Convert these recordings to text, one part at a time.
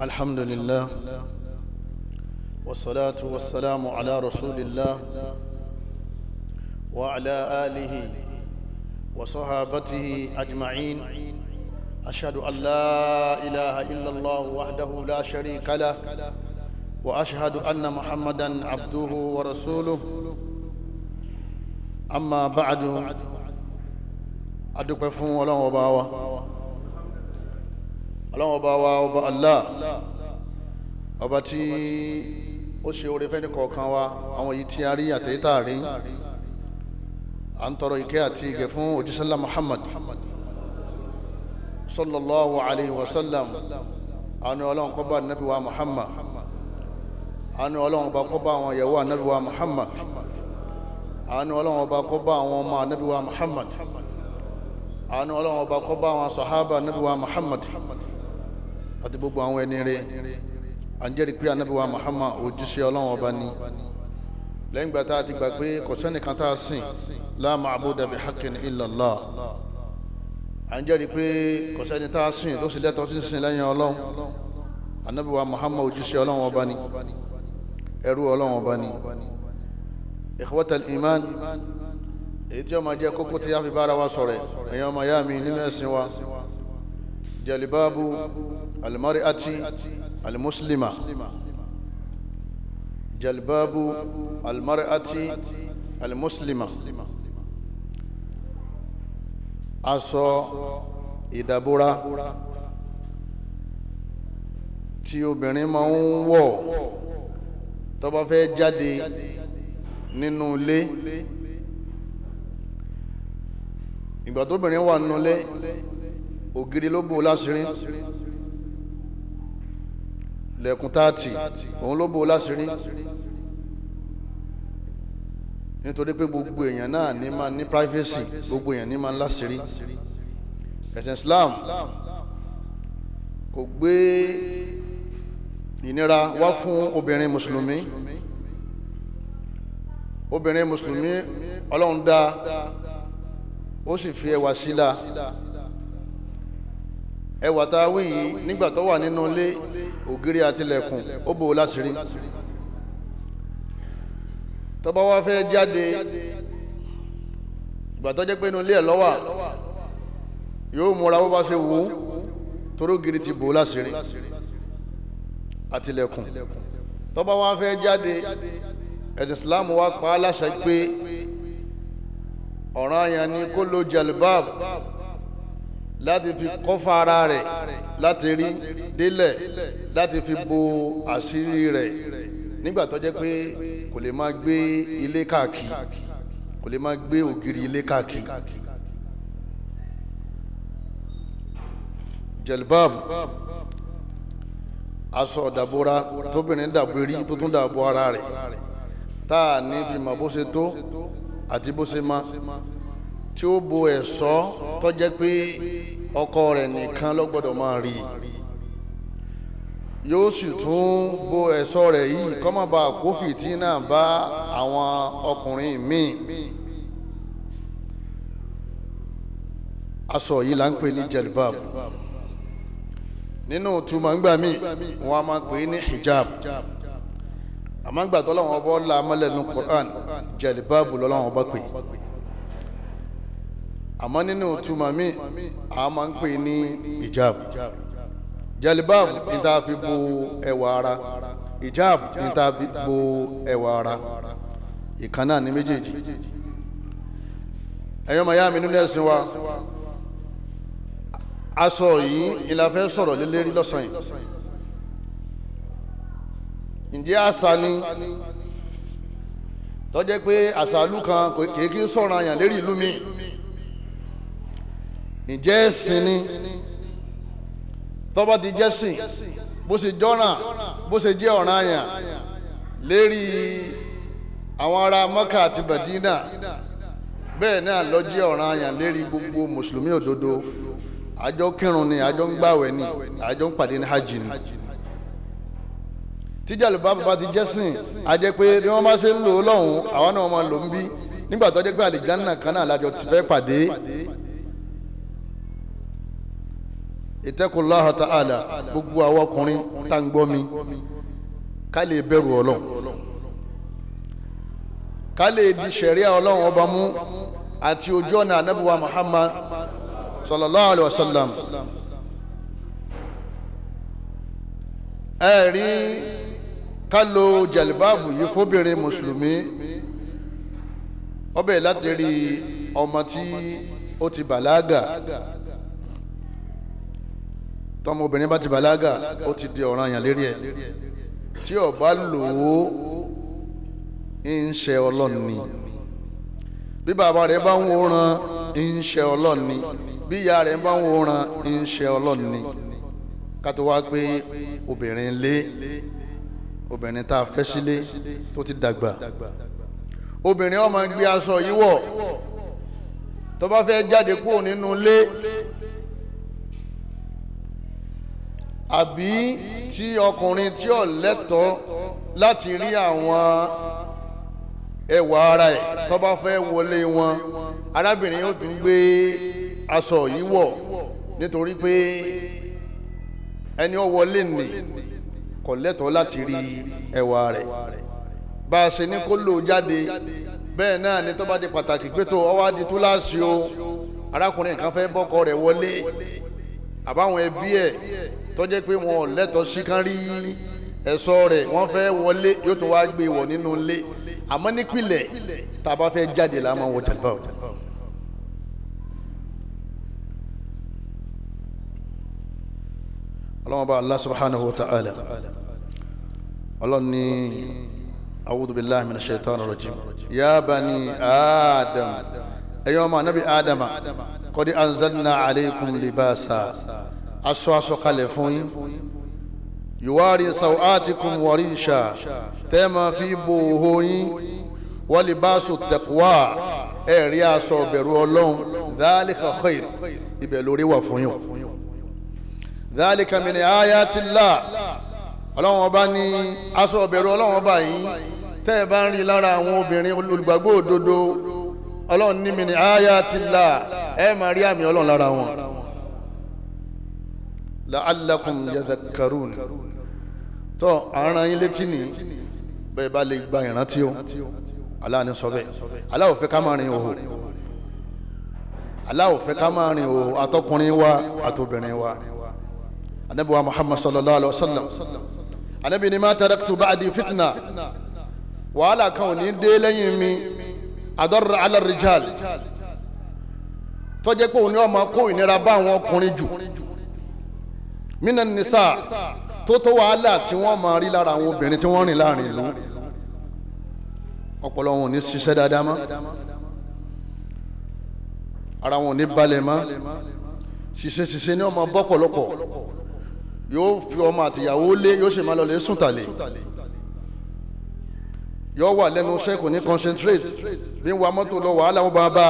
الحمد لله والصلاة والسلام على رسول الله وعلى آله وصحابته أجمعين أشهد أن لا إله إلا الله وحده لا شريك له وأشهد أن محمدا عبده ورسوله أما بعد أدوك فهم ولا وباوة ọlọ́run ọba wa ọba Allah ọba tí ó ṣe oore fẹ́ni kọ̀ọ̀kan wa àwọn yìí tí a rí àtẹ̀yítà rí à ń tọrọ ìkẹ́ àti ìgẹ̀ fún òjísọ́lá Muhammad sallallahu alayhi wa sallam àánú ọlọ́run kó bá nàbí wa Muhammad àánú ọlọ́run ọba kó bá àwọn ìyàwó ànábì wa Muhammad àánú ọlọ́run ọba kó bá àwọn ọmọ ànábì wa Muhammad àánú ọlọ́run ọba kó bá àwọn sàhábà ànábì wa Muhammad àti gbogbo àwọn ẹni rẹ̀ à ń jẹ́rìí pé anábìwá Muhammad òjíṣẹ́ ọlọ́run ọba ni lẹ́yìn gbà tá a ti gbà pé kò sẹ́nìkan tá a sìn la ma'buda bi haqqin illa à ń jẹ́rìí pé kò sẹ́ni tá a sìn tó sì lẹ́tọ̀ọ́ sí sìn lẹ́yìn ọlọ́run anábìwá Muhammad òjíṣẹ́ ọlọ́run ọba ni ẹrú ọlọ́run ọba ni ikhwatal iman èyí tí ó máa jẹ́ kókó tí a fi bára wa sọ̀rọ̀ ẹ̀yàn ọmọ yá mi nínú ẹ̀sìn wa jalibabu alimari ati alimuslima jalbabu alimari ati alimuslima aṣọ ìdàbora tí obìnrin máa ń wọ̀ tó bá fẹ́ jáde nínú ilé ìgbà tóbìnrin wà nínú ilé ògiri ló bò láṣìírí lẹ́kùn táàtì òun ló bò láṣìírí nítorí pé gbogbo èèyàn náà ní máa ní privacy gbogbo èèyàn ní máa ń láṣìírí ẹ̀sìn Islam kò gbé ìnira wá fún obìnrin mùsùlùmí obìnrin mùsùlùmí ọlọ́run dá ó sì fi ẹwà sílá ẹwà tá a wí yìí nígbà tó wà nínú ilé ògiri àtìlẹ̀kùn ó bò láṣìírí tó bá wá fẹ́ jáde ìgbà tó jẹ́ pé inú ilé ẹ̀ lọ́wà yóò múra bó bá ṣe wù ú toró giri ti bò láṣìírí àtìlẹ̀kùn tó bá wá fẹ́ jáde ẹ̀sìn Islam wá pa á láṣẹ pé ọ̀ranyàn ni kó lo jalbab láti fi kọ́fà ara rẹ̀ láti rí délẹ̀ láti fi bo àṣírí rẹ̀ nígbà tó jẹ́ pé kò lè máa gbé ilé káàkiri kò lè máa gbé ògiri ilé káàkiri. jelbab aṣọ ọ̀dàbora tóbìnrin dàbò erí tó tún dàbò ara rẹ̀ tá a ní fi mọ̀ bó ṣe tó àti bó ṣe má tí ó bo ẹ̀ṣọ́ tó jẹ́ pé ọkọ rẹ̀ nìkan ló gbọ́dọ̀ máa rí yóò sì tún bo ẹ̀ṣọ́ rẹ̀ yìí kó má bàa kó fìtínà bá àwọn ọkùnrin míì aṣọ yìí là ń pè ní jelbab nínú túmọ̀ ń gbà mí wọn a máa pè ní hijab àmọ́ gbàtọ́ làwọn ọba ọ̀la amálẹ̀ Qur'an jelibab lọ́la wọn ọba pè é. àmọ́ nínú mi a máa ń pè ní ìjáàbù jalibab ní fi bo ẹwà ara ìjáàbù ní fi bo ẹwà ara ìkan ní méjèèjì ẹ̀yọ́ màá yá mi nínú ẹ̀sìn wa aṣọ yìí ìlàfẹ́ sọ̀rọ̀ lélẹ́rí lọ́sàn yìí ǹjẹ́ àṣà ni tọ́jẹ́ pé àṣà ìlú kan kìí sọ̀rọ̀ àyàn lérí ìlú mi. ǹjẹ́ ẹ̀sìn ni tọ́ba ti jẹ́sìn bó ṣe jọ́ràn bó ṣe jẹ́ ọ̀ràn àyàn lérí àwọn ará Mọ́kà àti Bàdínà bẹ́ẹ̀ náà ló jẹ́ ọ̀ràn àyàn lérí gbogbo mùsùlùmí òdodo àjọ kírun ni àjọ ń gbàwẹ̀ ni àjọ ń pàdé ní hajj ni tíjàlù bàbá ti jẹ́sìn a jẹ́ pé bí wọ́n bá ṣe ń lò ó lọ́hùn-ún àwọn náà máa lò ń bí nígbà tó jẹ́ pé àlìjánná kan náà ti fẹ́ pàdé ìtẹ́kùnláhà ta'ala gbogbo àwọn ọkùnrin tá ń gbọ́ mi ká lè bẹ̀rù ọlọ́run ká lè di ṣẹ̀ríà ọlọ́run ọba mú àti ojú ọ̀nà anábìwá muhammad sallallahu alayhi wa sallam ẹ rí ká lo jẹ̀lìbáàbù yìí fóbìnrin mùsùlùmí ọbẹ̀ láti rí ọmọ tí ó ti bàlágà tọmọbìnrin bá ti balaga ó ti di ọ̀ranyàn lérí ẹ̀ tí ó bá lò ó ń ṣe ọlọ́run ni bí bàbá rẹ̀ bá ń wòran ń ṣe ọlọ́run ni bí ìyá rẹ̀ bá ń wòran ń ṣe ọlọ́run ká tó wá pé obìnrin lé obìnrin tá a fẹ́ sílé tó ti dàgbà obìnrin ó gbé aṣọ yìí tó bá fẹ́ jáde kúrò nínú ilé àbí tí ọkùnrin tí ò lẹ́tọ̀ọ́ láti rí àwọn ẹwà ara ẹ̀ tó bá fẹ́ wọlé wọn arábìnrin yóò tún gbé aṣọ yìí wọ̀ nítorí pé ẹni ó wọlé nì kò lẹ́tọ̀ọ́ láti rí ẹwà rẹ̀ bá a ṣe ní kó lò jáde bẹ́ẹ̀ náà ni tó bá di pàtàkì pé tó ọwọ́ adi tó láṣìí o arákùnrin kan fẹ́ bọ́kọ rẹ̀ wọlé àbáwọn ẹbí ẹ̀ tó jẹ́ pé wọn ò lẹ́tọ̀ọ́ sí kán rí ẹ̀ṣọ́ rẹ̀ wọ́n fẹ́ wọlé yóò tún wá gbé wọ̀ nínú ilé àmọ́ nípìnlẹ̀ tá a bá fẹ́ jáde la máa wọ jàlbá o. ọlọ́mọba allah subhanahu wa ta'ala ọlọ́ni awudu billahi mina shaitan rajim ya bani adam ẹ̀yọ́ ọmọ anabi adama kọ́ni anzalna aleikum libasa aṣọ aṣọ kalẹ̀ fún yín ìwárí sawatikum warisha tẹ́ máa fi bo òhò yín wọ́n lè bá aṣọ taqwa ẹ̀ rí aṣọ ọ̀bẹ̀rù ọlọ́run dhalika khair ibẹ̀ lórí wà fún yín dhalika min ayatillah ọlọ́run ọba ní aṣọ ọ̀bẹ̀rù ọlọ́run ọba yìí tẹ́ ẹ bá ń rí lára àwọn obìnrin olùgbàgbọ́ òdodo ọlọ́run ní min ayatillah ẹ máa rí àmì ọlọ́run lára wọn la'allakum yadhakkarun tọ́ àárín ayé létí ni bẹ́ẹ̀ bá lè gba ìrántí o Allah ni sọ bẹ́ẹ̀ Allah ò fẹ́ ká máa rìn òhò Allah ò fẹ́ ká máa rìn òhò àtọkùnrin wa àtobìnrin wa anabi wa muhammad sallallahu alaihi wa sallam anabi ni ma taraktu ba'di fitna wàhálà kan ò ní dé lẹ́yìn mi adarra ala rijal pé òun ni wọ́n kó ìnira bá àwọn ọkùnrin jù mina nisa tó tó wàhálà tí wọ́n máa rí lára àwọn obìnrin tí wọ́n rìn láàrin ìlú ọpọlọ wọn ò ní ṣiṣẹ́ dáadáa mọ́ ara wọn ò ní balẹ̀ mọ́ ṣiṣẹ́ ṣiṣẹ́ ni wọ́n máa bọ́ pọ̀lọpọ̀ yóò fi ọmọ àtìyàwó lé yóò ṣe máa lọ lè sùn tàlè yóò wà lẹ́nu iṣẹ́ kò ní concentrate bí wàá mọ́tò lọ wàhálà wọn bá bá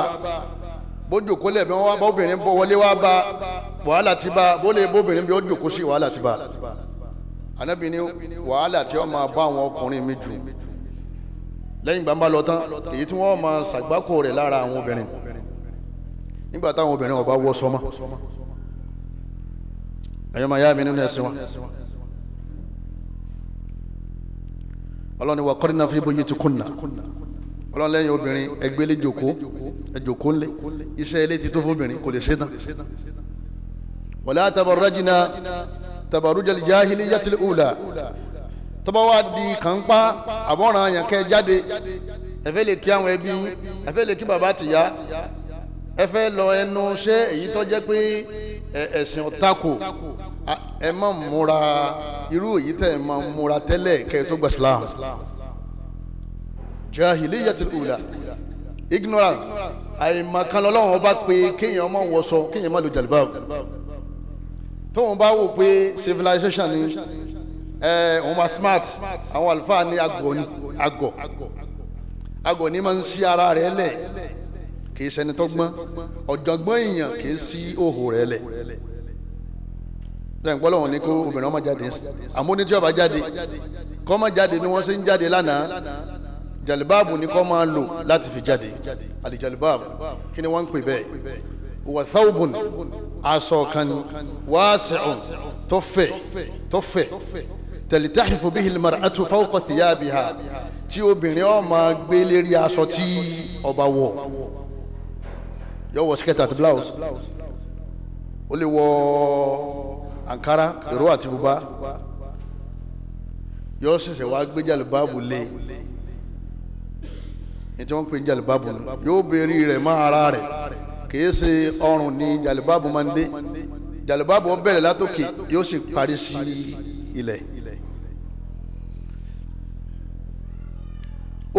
bójú kólẹ̀ bí wọ́n bá obìnrin bọ̀ wọlé wá bá wàhálà ti bá bólè bóbìnrin bí ó jòkó sí wàhálà ti bá anabi ni wàhálà tí wọn máa bá àwọn ọkùnrin mi jù lẹ́yìn gbàmbá lọ tán èyí tí wọ́n máa ṣàgbákò rẹ̀ lára àwọn obìnrin nígbà táwọn obìnrin ọba wọ sọmọ ẹ̀yọ́ máa yá mi nínú ẹ̀sìn wọn ọlọ́ni wa kọ́rin náà fi bóyá ti kùnà ọlọ́ni obìnrin ẹgbẹ́lẹ́ jòkó ẹjòkó ńlẹ̀ iṣẹ́ ilé ti tó fún obìnrin kò lè ṣe tán wala tabarrajna tabarrujal jahiliyyatil ula tọ́ba wa di kànpá àbọ̀ràn yẹn kẹ́ jáde ẹ fẹ́ lè kí àwọn ẹbí ẹ fẹ́ lè kí bàbá tìyá ẹ fẹ́ lọ ẹnu ṣé èyí tó jẹ́ pé ẹ̀sìn ọ̀tako ẹ má múra irú èyí tẹ́ ẹ má múra tẹ́lẹ̀ kẹ́ ẹ tó gba Islam jahiliyyatil ula ignorance àìmọ̀kan lọ́lọ́run ọba pé kéèyàn má wọṣọ kéèyàn má lo jalbab tóun bá wò pé civilization ni ẹ òun ma smart àwọn àlùfáà ní agọ ni agọ agọ ni máa ń ṣí ara rẹ̀ lẹ̀ kì í ṣẹni tọ́gbọ́n ọ̀jọ̀gbọ́n èèyàn kì í ṣí òhò rẹ̀ lẹ̀ lẹ́yìn pọ́lọ́wọ́n ni kó obìnrin ọmọ jáde àmúnití ọba jáde kọ́ jáde ni wọ́n ṣe ń jáde lánàá jalibaabu ni kọ́ máa lò láti fi jáde àlìjalibaabu kí ni wọ́n ń pè bẹ́ẹ̀ wà thawbun aṣọ kan wasi'un tó fẹ̀ tó fẹ̀ tẹ̀lítàhìfù bihi al-mar'atu fawqa thiyabiha tí obìnrin ó máa gbé lérí aṣọ tí ó bá wọ̀ yóò wọ skirt àti blouse ó lè wọ ankara ìró àti bùbá yóò ṣẹ̀ṣẹ̀ wá gbé jàlùbáàbù lé ní tí wọ́n ń pè ní jàlùbáàbù yóò bẹ̀rẹ̀ rẹ̀ mọ́ ara rẹ̀ kìí ṣe ọrùn ni jalibabu máa ń dé jalibabu ó bẹ̀rẹ̀ látòkè yóò sì parí sí ilẹ̀.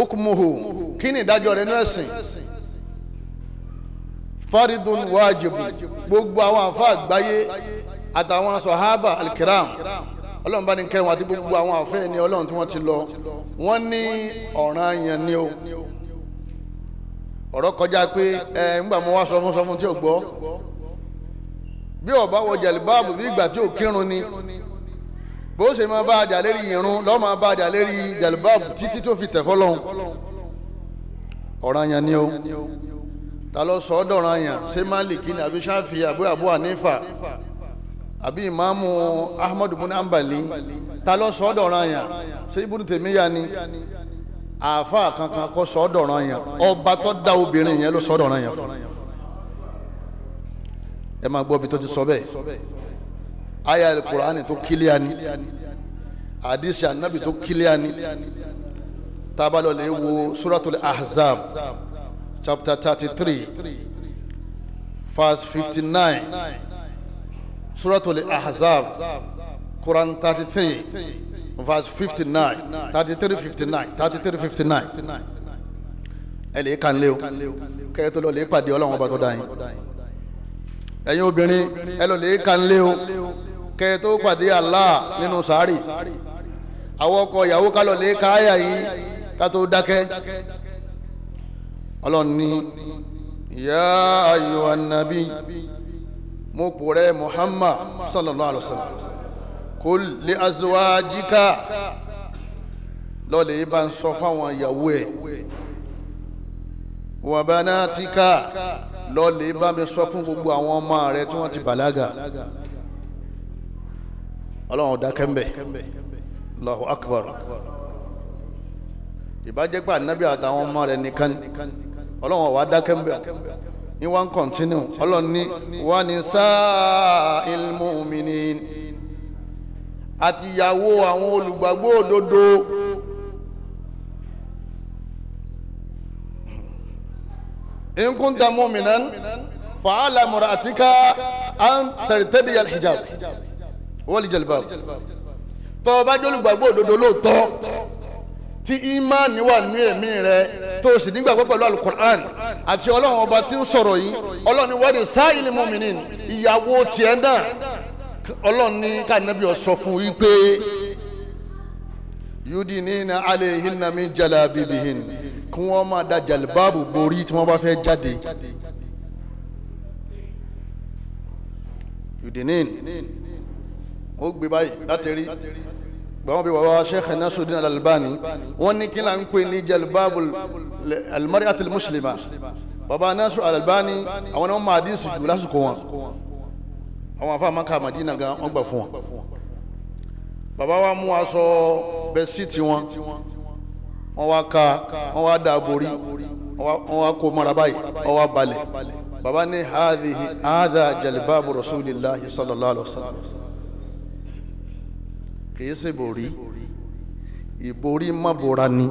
okumuhu kí ni ìdájọ́ rẹ̀ nínú ẹ̀sìn faridun wajibu gbogbo àwọn àfa àgbáyé àtàwọn sọ̀hábà alikiram ọlọ́run bá ní kẹwọn àti gbogbo àwọn àfẹ́ ni ọlọ́run tí wọ́n ti lọ wọ́n ní ọ̀ranyàn ni o. ọ̀rọ̀ kọjá pé ẹ ńgbà mo wá sọ fún tí gbọ́ bí ọba wọ bí ìgbà tí kírun ni bó ṣe máa bá àjà lérí irun lọ́ọ́ máa bá àjà lérí jàlíbáàbù títí tó fi tẹ̀kọ́ lọ́hùn ni o ta sọ ṣé ni àbí Ṣáfì àbí Ahmadu Ambali ta sọ ṣé ni. àáfà kankan kọ sọdọ̀ràn yẹn ọba tó da obìnrin yẹn ló sọdọ̀ràn yẹn fún ẹ máa gbọ́ bí tó ti sọ bẹ́ẹ̀ aya alukur'ani tó kílíà ni hadisi anabi tó kílíà ni tábàlọ́ lè wo suratul ahzab chapter thirty three verse fifty nine suratul ahzab quran thirty three verse fifty nine thirty three fifty nine thirty three fifty nine ẹ lè kàn lé o kẹ́kẹ́ tó lọ lè pàdé ọlọ́run ọba tó dá yín ẹ̀yin obìnrin ẹ lọ lè kàn lé o kẹ́kẹ́ tó pàdé Allah nínú sàárì àwọn ọkọ ìyàwó ká lọ lè ka àyà yìí ká tó dákẹ́ ọlọ́run ní ya ayyuhan nabi mo pò rẹ Muhammad sallallahu alaihi wa sallam kul li azwajika lọ́ọ̀lẹ̀ yìí bá ń sọ fáwọn ìyàwó ẹ̀ wa banatika lọ́ọ̀lẹ̀ yìí bá mi sọ fún gbogbo àwọn ọmọ rẹ tí wọ́n ti bàlágà ọlọ́run ọ̀dà kẹ́mbẹ̀ Allahu akbar ìbàjẹ́ pé ànábì àtàwọn ọmọ rẹ nìkan ọlọ́run ọ̀wá dá kẹ́mbẹ̀ ni wọ́n ń kọ̀ntínú ọlọ́run ní wọ́n ní sáà ilmú àti ìyàwó àwọn olùgbàgbọ́ òdodo in kunta mu'minan fa'ala mura'atika an tẹ̀rẹ̀tẹ̀bí alhijab wọ́lì jalbab tó bá jẹ́ olùgbàgbọ́ òdodo lóòótọ́ tí ìmánì wà ní ẹ̀mí rẹ tó sì nígbàgbọ́ pẹ̀lú alukur'an àti ọlọ́run ọba tí ń sọ̀rọ̀ yìí ọlọ́run wọ́n ní sáà ilé mu'minin ìyàwó tiẹ̀ ọlọ́run ní kánábì ọ̀sọ́ fún yí pé yudi nina alayhinna min jalabibihin kí wọ́n máa da jalibabu borí tí wọ́n bá fẹ́ jáde yudi nina ó gbé báyìí láti rí gbọ́n bí bàbá sheikh Nasruddin Al-Albani wọ́n ní kí n là ń pè ní jalibabu al-mar'atil muslima bàbá Nasruddin Al-Albani àwọn náà máa dín sùkúrú lásìkò wọn àwọn afa maka madina gan wọn gbà fún wọn bàbá wa mú aṣọ bẹsí tiwọn wọn wá ka wọn wá da borí wọn wá kó mara báyìí wọn wá balẹ̀ bàbá ní hadhihi hadha jalibabu rasulillahi sallallahu alaihi wa sallam kìí ṣe borí ìborí má bora ni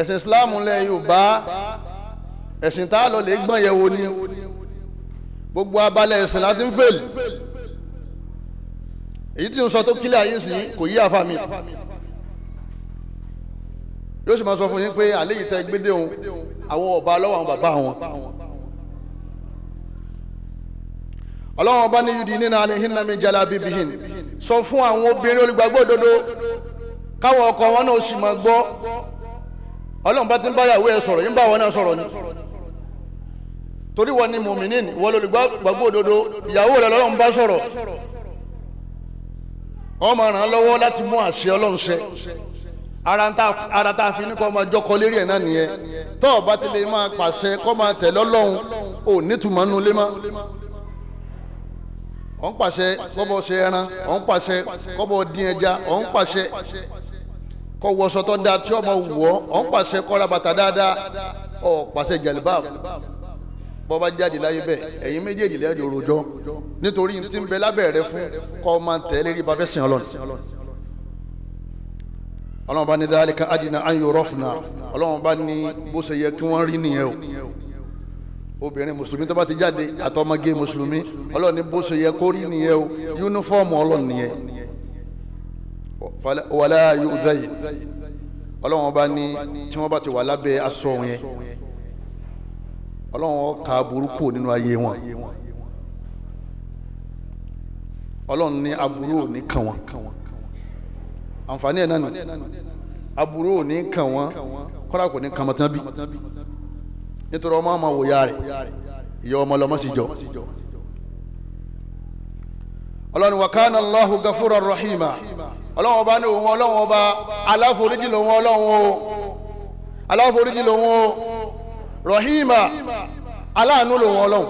ẹ̀sìn islam lẹ́yìn ò bá. ẹ̀sìn tá a lọ lè ni gbogbo abalẹ̀ ẹ̀sìn láti ń fèlì èyí tí n sọ tó kílẹ̀ ayé sí kò yí àfa mi yóò sì máa sọ fún yín pé àlẹ́ yìí tẹ òun àwọn ọba lọ́wọ́ àwọn bàbá wọn. ọlọ́wọ́n bá ní yudi nínú alihinna mi jala sọ fún àwọn obìnrin olùgbàgbọ́ òdodo káwọn ọkọ wọn náà sì máa gbọ́ ọlọ́wọ́n bá ti ń báyàwó ẹ sọ̀rọ̀ yín náà sọ̀rọ̀ ni. torí wọn ni mùmínín wọn lólùgbàgbọ́ òdodo ìyàwó rẹ lọ́lọ́run bá sọ̀rọ̀ wọn máa ràn án lọ́wọ́ láti mú àṣẹ ọlọ́run ṣẹ ara tá a fi ní kọ́ máa jọkọ lérí ẹ̀ náà nìyẹn tó o bá tilẹ̀ máa pàṣẹ kọ́ máa tẹ̀lé ọlọ́run ò nítumọ̀ nínú ilé mọ́ ọ̀ ń pàṣẹ kọ́bọ̀ ṣe ẹran ọ̀ ń pàṣẹ kọ́bọ̀ dín ẹja ọ̀ ń pàṣẹ kọ́ wọṣọ tó dáa tí ọmọ wù ọ́ ọ̀ ń pàṣẹ kọ́ra bàtà dáadáa ọ̀ pàṣẹ jàlíbáàbù bọ́ bá jáde láyé bẹ́ẹ̀ ẹ̀yin méjèèjì lẹ́yìn òròjọ́ nítorí tí ń bẹ lábẹ́ rẹ fún kọ́ ọ máa tẹ̀lé rí bàfẹ́ sìn ọlọ́run ọlọ́run bá ní dhalika adina an yurafna ọlọ́run bá ní bó ṣe yẹ kí wọ́n rí nìyẹn o obìnrin mùsùlùmí tó bá ti jáde àtọmọge mùsùlùmí ọlọ́run ní bó ṣe yẹ kó rí nìyẹn o yúnífọ́ọ̀mù ọlọ́run nìyẹn wàlá yóò dáyé ọlọ́run bá ní tí wọ́n bá ti wà lábẹ́ aṣọ yẹn ọlọ́run ka burúkú nínú ayé wọn ọlọ́run ní aburú ò kàn wọ́n àǹfààní ẹ̀ náà nù aburú ò kàn wọ́n kọ́ra kò ní kàn bí nítorí ọmọ wòyà rẹ̀ ìyá ọmọ jọ ọlọ́run rahima ọlọ́run ọba ní òun ọlọ́run ọba aláforíjì lòun ọlọ́run o aláforíjì lòun o. rahima aláàánú lòun ọlọ́run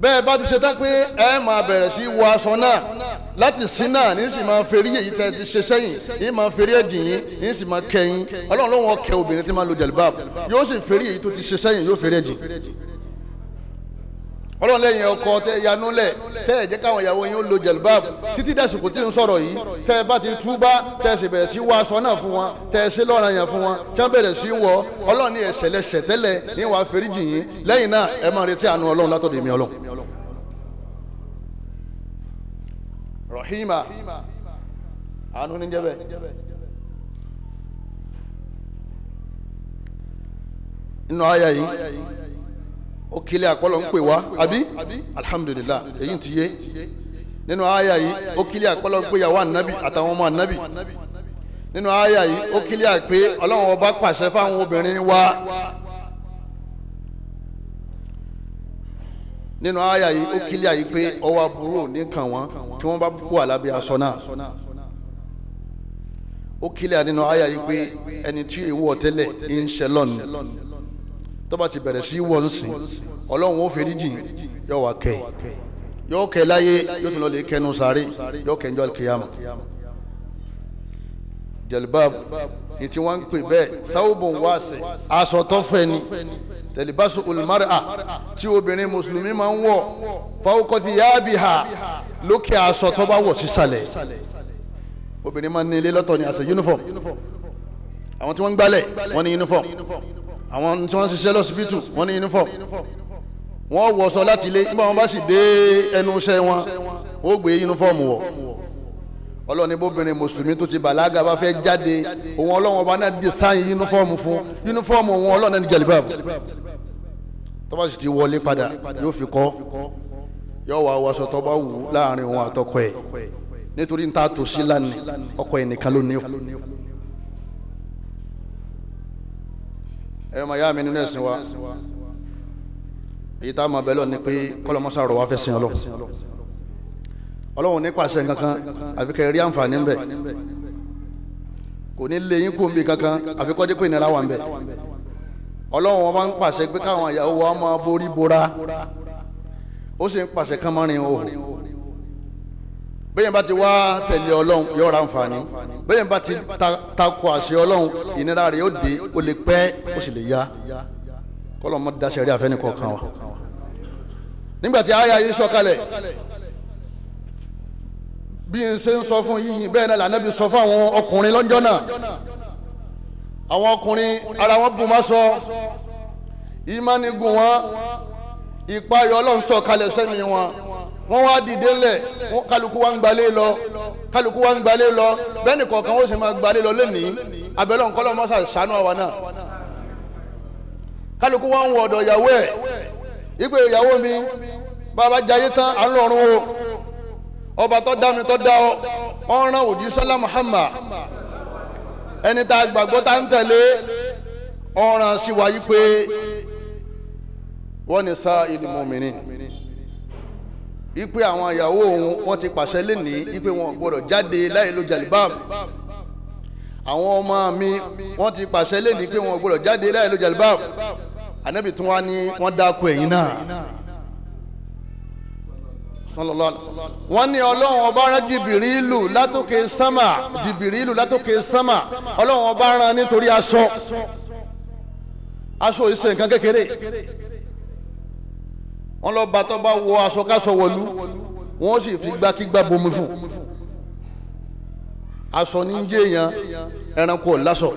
bẹ́ẹ̀ bá ti ṣe tán pé ẹ máa bẹ̀rẹ̀ sí wọ aṣọ náà láti sí náà ní sì máa ferí èyí tẹ́ ti ṣe sẹ́yìn ní máa ferí ẹ̀dìn yín ní sì máa kẹ́yìn ọlọ́run lòun ọkẹ́ obìnrin tí máa lo jẹ̀lbáàbù yóò sì ferí èyí tó ti ṣe sẹ́yìn yóò ferí ẹ̀dìn ọlọ́run lẹ́yìn ọkọ tẹ yanú lẹ̀ tẹ ẹ jẹ́ káwọn ìyàwó yín ó lo jẹ̀lúbáàbù títí dẹ̀sùkú tí ń sọ̀rọ̀ yìí tẹ ẹ bá ti túbá tẹ ẹ sì bẹ̀rẹ̀ sí wọ aṣọ náà fún wọn tẹ ẹ sí lọ́ra yẹn fún wọn tí wọ́n bẹ̀rẹ̀ sí wọ ọlọ́run ní ẹ̀ṣẹ̀ lẹ́ṣẹ̀ tẹ́lẹ̀ ní wàá foríjì yín lẹ́yìn náà ẹ máa retí àánú ọlọ́run látọ̀dọ̀ èmi ọlọ́run. rahima àánú ní ó kílẹ̀ àpọ́lọ̀ ń pè wá àbí alhamdulillah èyí ti yé nínú àyà yìí ó kílẹ̀ àpọ́lọ̀ ń pè yàwó ànábì àtàwọn ọmọ ànábì nínú àyà yìí ó kílẹ̀ àpé ọlọ́run ọba pàṣẹ fáwọn obìnrin wa nínú àyà yìí ó kílẹ̀ àyí pé ọwọ́ aburú ò ní kàn wọ́n tí wọ́n bá kú àlábẹ́ aṣọ náà ó kílẹ̀ àyà yìí pé ẹni tí èèwọ̀ tẹ́lẹ̀ ń ṣẹlọ́ọ̀nù tó bá ti bẹ̀rẹ̀ sí wọ́n sìn ọlọ́run ó fèrè jìn yóò wá kẹ́ yóò kẹ́ láyé yóò tún lọ lè kẹnu sáré yóò kẹ́ njọ́ kíyàmù jẹlibab ní tí wọ́n ń pè bẹ́ẹ̀ sáwùbùn wáṣẹ̀ aṣọ tó fẹ́ ni tẹlifasu olùmárà tí obìnrin mùsùlùmí máa ń wọ̀ fáwọkọ́tì yáàbì ha lókè aṣọ tó bá wọ̀ sísàlẹ̀ obìnrin máa ń ní ilé lọ́tọ̀ ni aṣọ uniform àwọn tí wọ́n ń gbálẹ̀ wọ́n ní uniform àwọn tí wọ́n ń ṣiṣẹ́ lọ́sibítù wọ́n ní uniform wọ́n wọṣọ láti ilé nígbà wọn bá sì dé ẹnu iṣẹ́ wọn ó gbé uniform wọ̀ ọlọ́ni bóbìnrin mùsùlùmí tó ti bàlágà bá fẹ́ jáde òun ọlọ́run ọba náà design uniform fún uniform òun ọlọ́run náà ní jẹ̀líbàbù tọ́ba sì ti wọlé padà yóò fi kọ́ yóò wá wọṣọ tọ́ba wù láàrin òun àtọkọ ẹ̀ nítorí níta tòṣí lánìí ọkọ ẹ̀ nìkan ló o. ẹ ma yá mi nínú ẹ̀sìn wa èyí tá a ma bẹ lọ ni pé kọlọmọsá rọ wá fẹ́ sìn ọlọ Ọlọ́run ní pàṣẹ kankan àfi kẹ́ rí àǹfààní ń bẹ kò ní lé yín kó mi kankan àfi dípò ìnira wà ń bẹ Ọlọ́run wọn bá ń pàṣẹ pé káwọn ìyàwó wa máa borí bora ó sì ń pàṣẹ kán mọ́rin o bẹ́ẹ̀ bá ti wá tẹ̀lé ọlọ́run yóò ra nfààní bẹ́ẹ̀ bá ti takò àṣẹ ọlọ́run ìnira rẹ̀ yóò dé ó lè pẹ́ ó sì lè ya kọ́lọ́ mọ́ daṣẹ́ rí àfẹ́ni kọ̀ọ̀kan wa. nígbà tí aya yìí sọ̀kalẹ̀ bí n ṣe ń sọ fún yìnyín bẹ́ẹ̀ náà lànà bí sọ fún àwọn ọkùnrin lọ́jọ́ náà àwọn ọkùnrin ara wọn bùn sọ ìmánigun wọn ìpayọ̀ ọlọ́run sọ̀kalẹ̀ sẹ́yìn wọn wọ́n wá dìde lẹ̀ kálukú wa ń gbalé lọ kálukú wa ń gbalé lọ bẹ́ẹ̀ ni kọ̀ọ̀kan ó sì máa gbalé lọ lónìí abẹ́lẹ́ ọ̀nkọ́lọ́ mọ́sá ṣàánú àwa náà kálukú wa ń wọ ọ̀dọ̀ ìyàwó ẹ̀ ìgbé ìyàwó mi bàbá jayé tán à ń lọ́rùn o ọba tó dá mi tó dá ọ ọ̀ràn òjì sálá Muhammad ẹni tá a gbàgbọ́ tá ń tẹ̀lé ọ̀ràn sì wáyé pé wọ́n ní sá ìdí mọ́mìnrin ipe àwọn ìyàwó òun wọ́n ti pàṣẹ lẹ́nìí ipe wọn gbọ́dọ̀ jáde láì lo jàlibáàbù àwọn ọmọ mi wọ́n ti pàṣẹ lẹ́nìí pé wọn gbọ́dọ̀ jáde láì lo jàlibáàbù ànábì tún wá ní wọ́n dáko ẹ̀yìn náà sallallahu wọ́n ní ọlọ́run ọba rán jìbìrìlù látòkè sámà jìbìrìlù látòkè sámà ọlọ́run ọba rán nítorí aṣọ aṣọ ìṣe nǹkan kékeré wọn lọ bá tó bá wọ aṣọ káṣọ wọlú wọn sì fi gbákígbá bomi fún aṣọ ní ń jẹ èèyàn ẹranko lásọ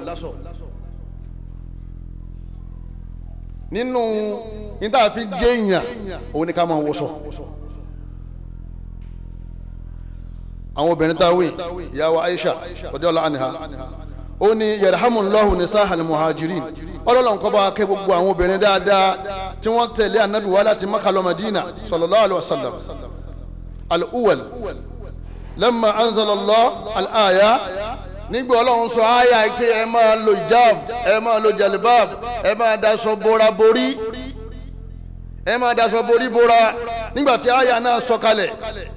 nínú níta fi jẹ èèyàn òun ni ká máa wọṣọ àwọn obìnrin táwé ìyàwó Aisha ọjọ́ ọ̀la àníhà ó ní yarhamullahu nisahal muhajirin ọlọ́run kó bá kẹ́ gbogbo àwọn obìnrin dáadáa tí wọ́n tẹ̀lé anabi wa láti Mákà lọ Madina sallallahu alayhi wa sallam al-awwal lamma anzalallahu al-aya nígbà ọlọ́run sọ àyà pé ẹ máa lo ìjáàb ẹ máa lo jalibab ẹ máa daṣọ bora borí ẹ máa daṣọ borí bora nígbà tí àyà náà sọ̀kalẹ̀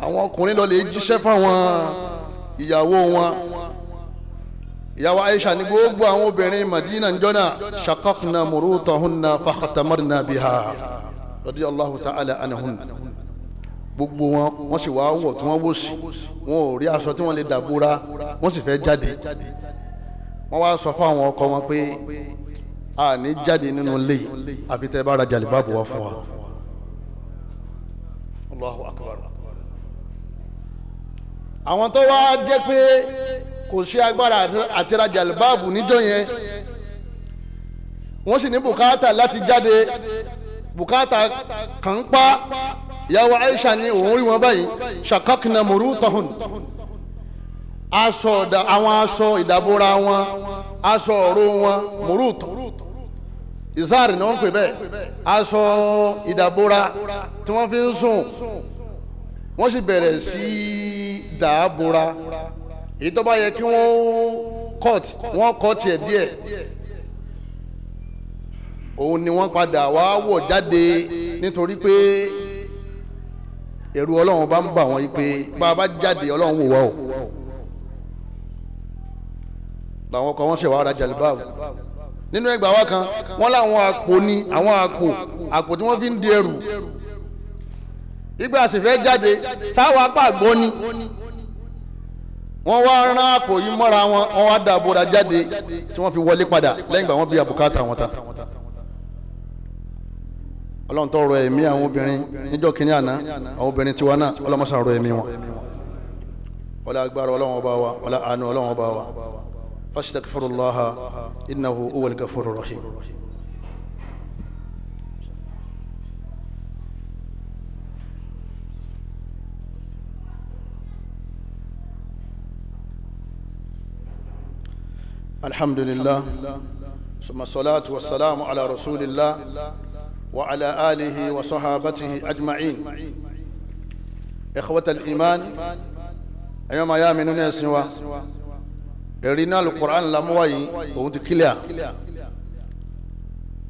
àwọn ọkùnrin lọ lè jíṣẹ́ fáwọn ìyàwó wọn ìyàwó aisha ní gbogbo àwọn obìnrin madina njọ́nà shakakna murutahunna fakhatamarna biha radiyallahu ta'ala anahunna gbogbo wọn wọn sì wáá wọ̀ tí wọ́n wò sí wọn ò rí aṣọ tí wọ́n lè dàbúra wọ́n sì fẹ́ jáde wọ́n wá sọ fáwọn ọkọ wọn pé a ní jáde nínú ilé àfi tẹ́ bá ra jàlíbáàbù wá fún wa. àwọn tó wá jẹ́ pé kò sí agbára àti ra jàlbáàbù níjọ́ yẹn wọ́n sì ní bùkátà láti jáde bùkátà kàn pa ìyàwó Aisha ní òun rí wọn báyìí shakakna murutahun aṣọ àwọn aṣọ ìdàbòra wọn aṣọ ọ̀rọ̀ wọn murut izar ni wọ́n pè bẹ́ẹ̀ aṣọ ìdàbòra tí wọ́n fi ń sùn wọ́n sì bẹ̀rẹ̀ sí í èyí tó bá yẹ kí wọ́n cut wọ́n cut ẹ̀ díẹ̀ òun ni wọ́n padà wá wọ̀ jáde nítorí pé ẹ̀rù ọlọ́run bá ń bà wọ́n yí pé bá a bá jáde ọlọ́run wò wá o làwọn kan wọ́n ṣe wàhálà jalibab nínú ẹgbàá wa kan wọ́n láwọn àpò ni àwọn àpò àpò tí wọ́n fi ń di ẹrù ìgbà sì jáde sáwọn apá àgbọ́n ni wọ́n wá rán àpò yìí mọ́ra wọn wọ́n wá da àbúrò jáde tí wọ́n fi wọlé padà lẹ́yìn ìgbà wọn bí àbùkátà wọn ta. ọlọ́run tó rọ ẹ̀mí àwọn obìnrin níjọ́ kínní àná àwọn obìnrin tiwa náà ọlọ́mọṣà rọ ẹ̀mí wọn. ọlá agbára ọlọ́run ọba wa ọlá àánú ọlọ́run ọba wa fastaghfirullaha innahu huwal ghafurur rahim. الحمد لله ثم الصلاة والسلام على رسول الله وعلى آله وصحابته أجمعين إخوة الإيمان أيما يا من نسوا إرينا القرآن لموي وانت كليا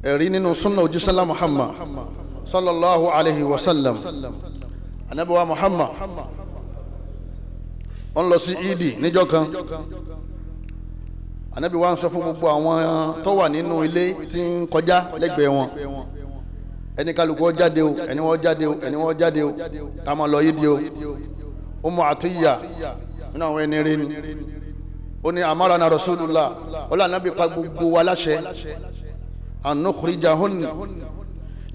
إرينا سنة وجسلا محمد صلى الله عليه وسلم أنبوى محمد أن لسي إيدي نجوكا anabi wa ń sọ fún gbogbo àwọn tó wà nínú ilé tí ń kọjá lẹ́gbẹ̀ẹ́ wọn ẹni kálukú ó jáde o ẹni wọ́n jáde o ẹni wọ́n jáde o ká lọ yídi o Umu Atiyya nínú àwọn ẹni rí ni ó ní amara na rasulullah ó lọ anabi pa gbogbo wa láṣẹ anukhrijahun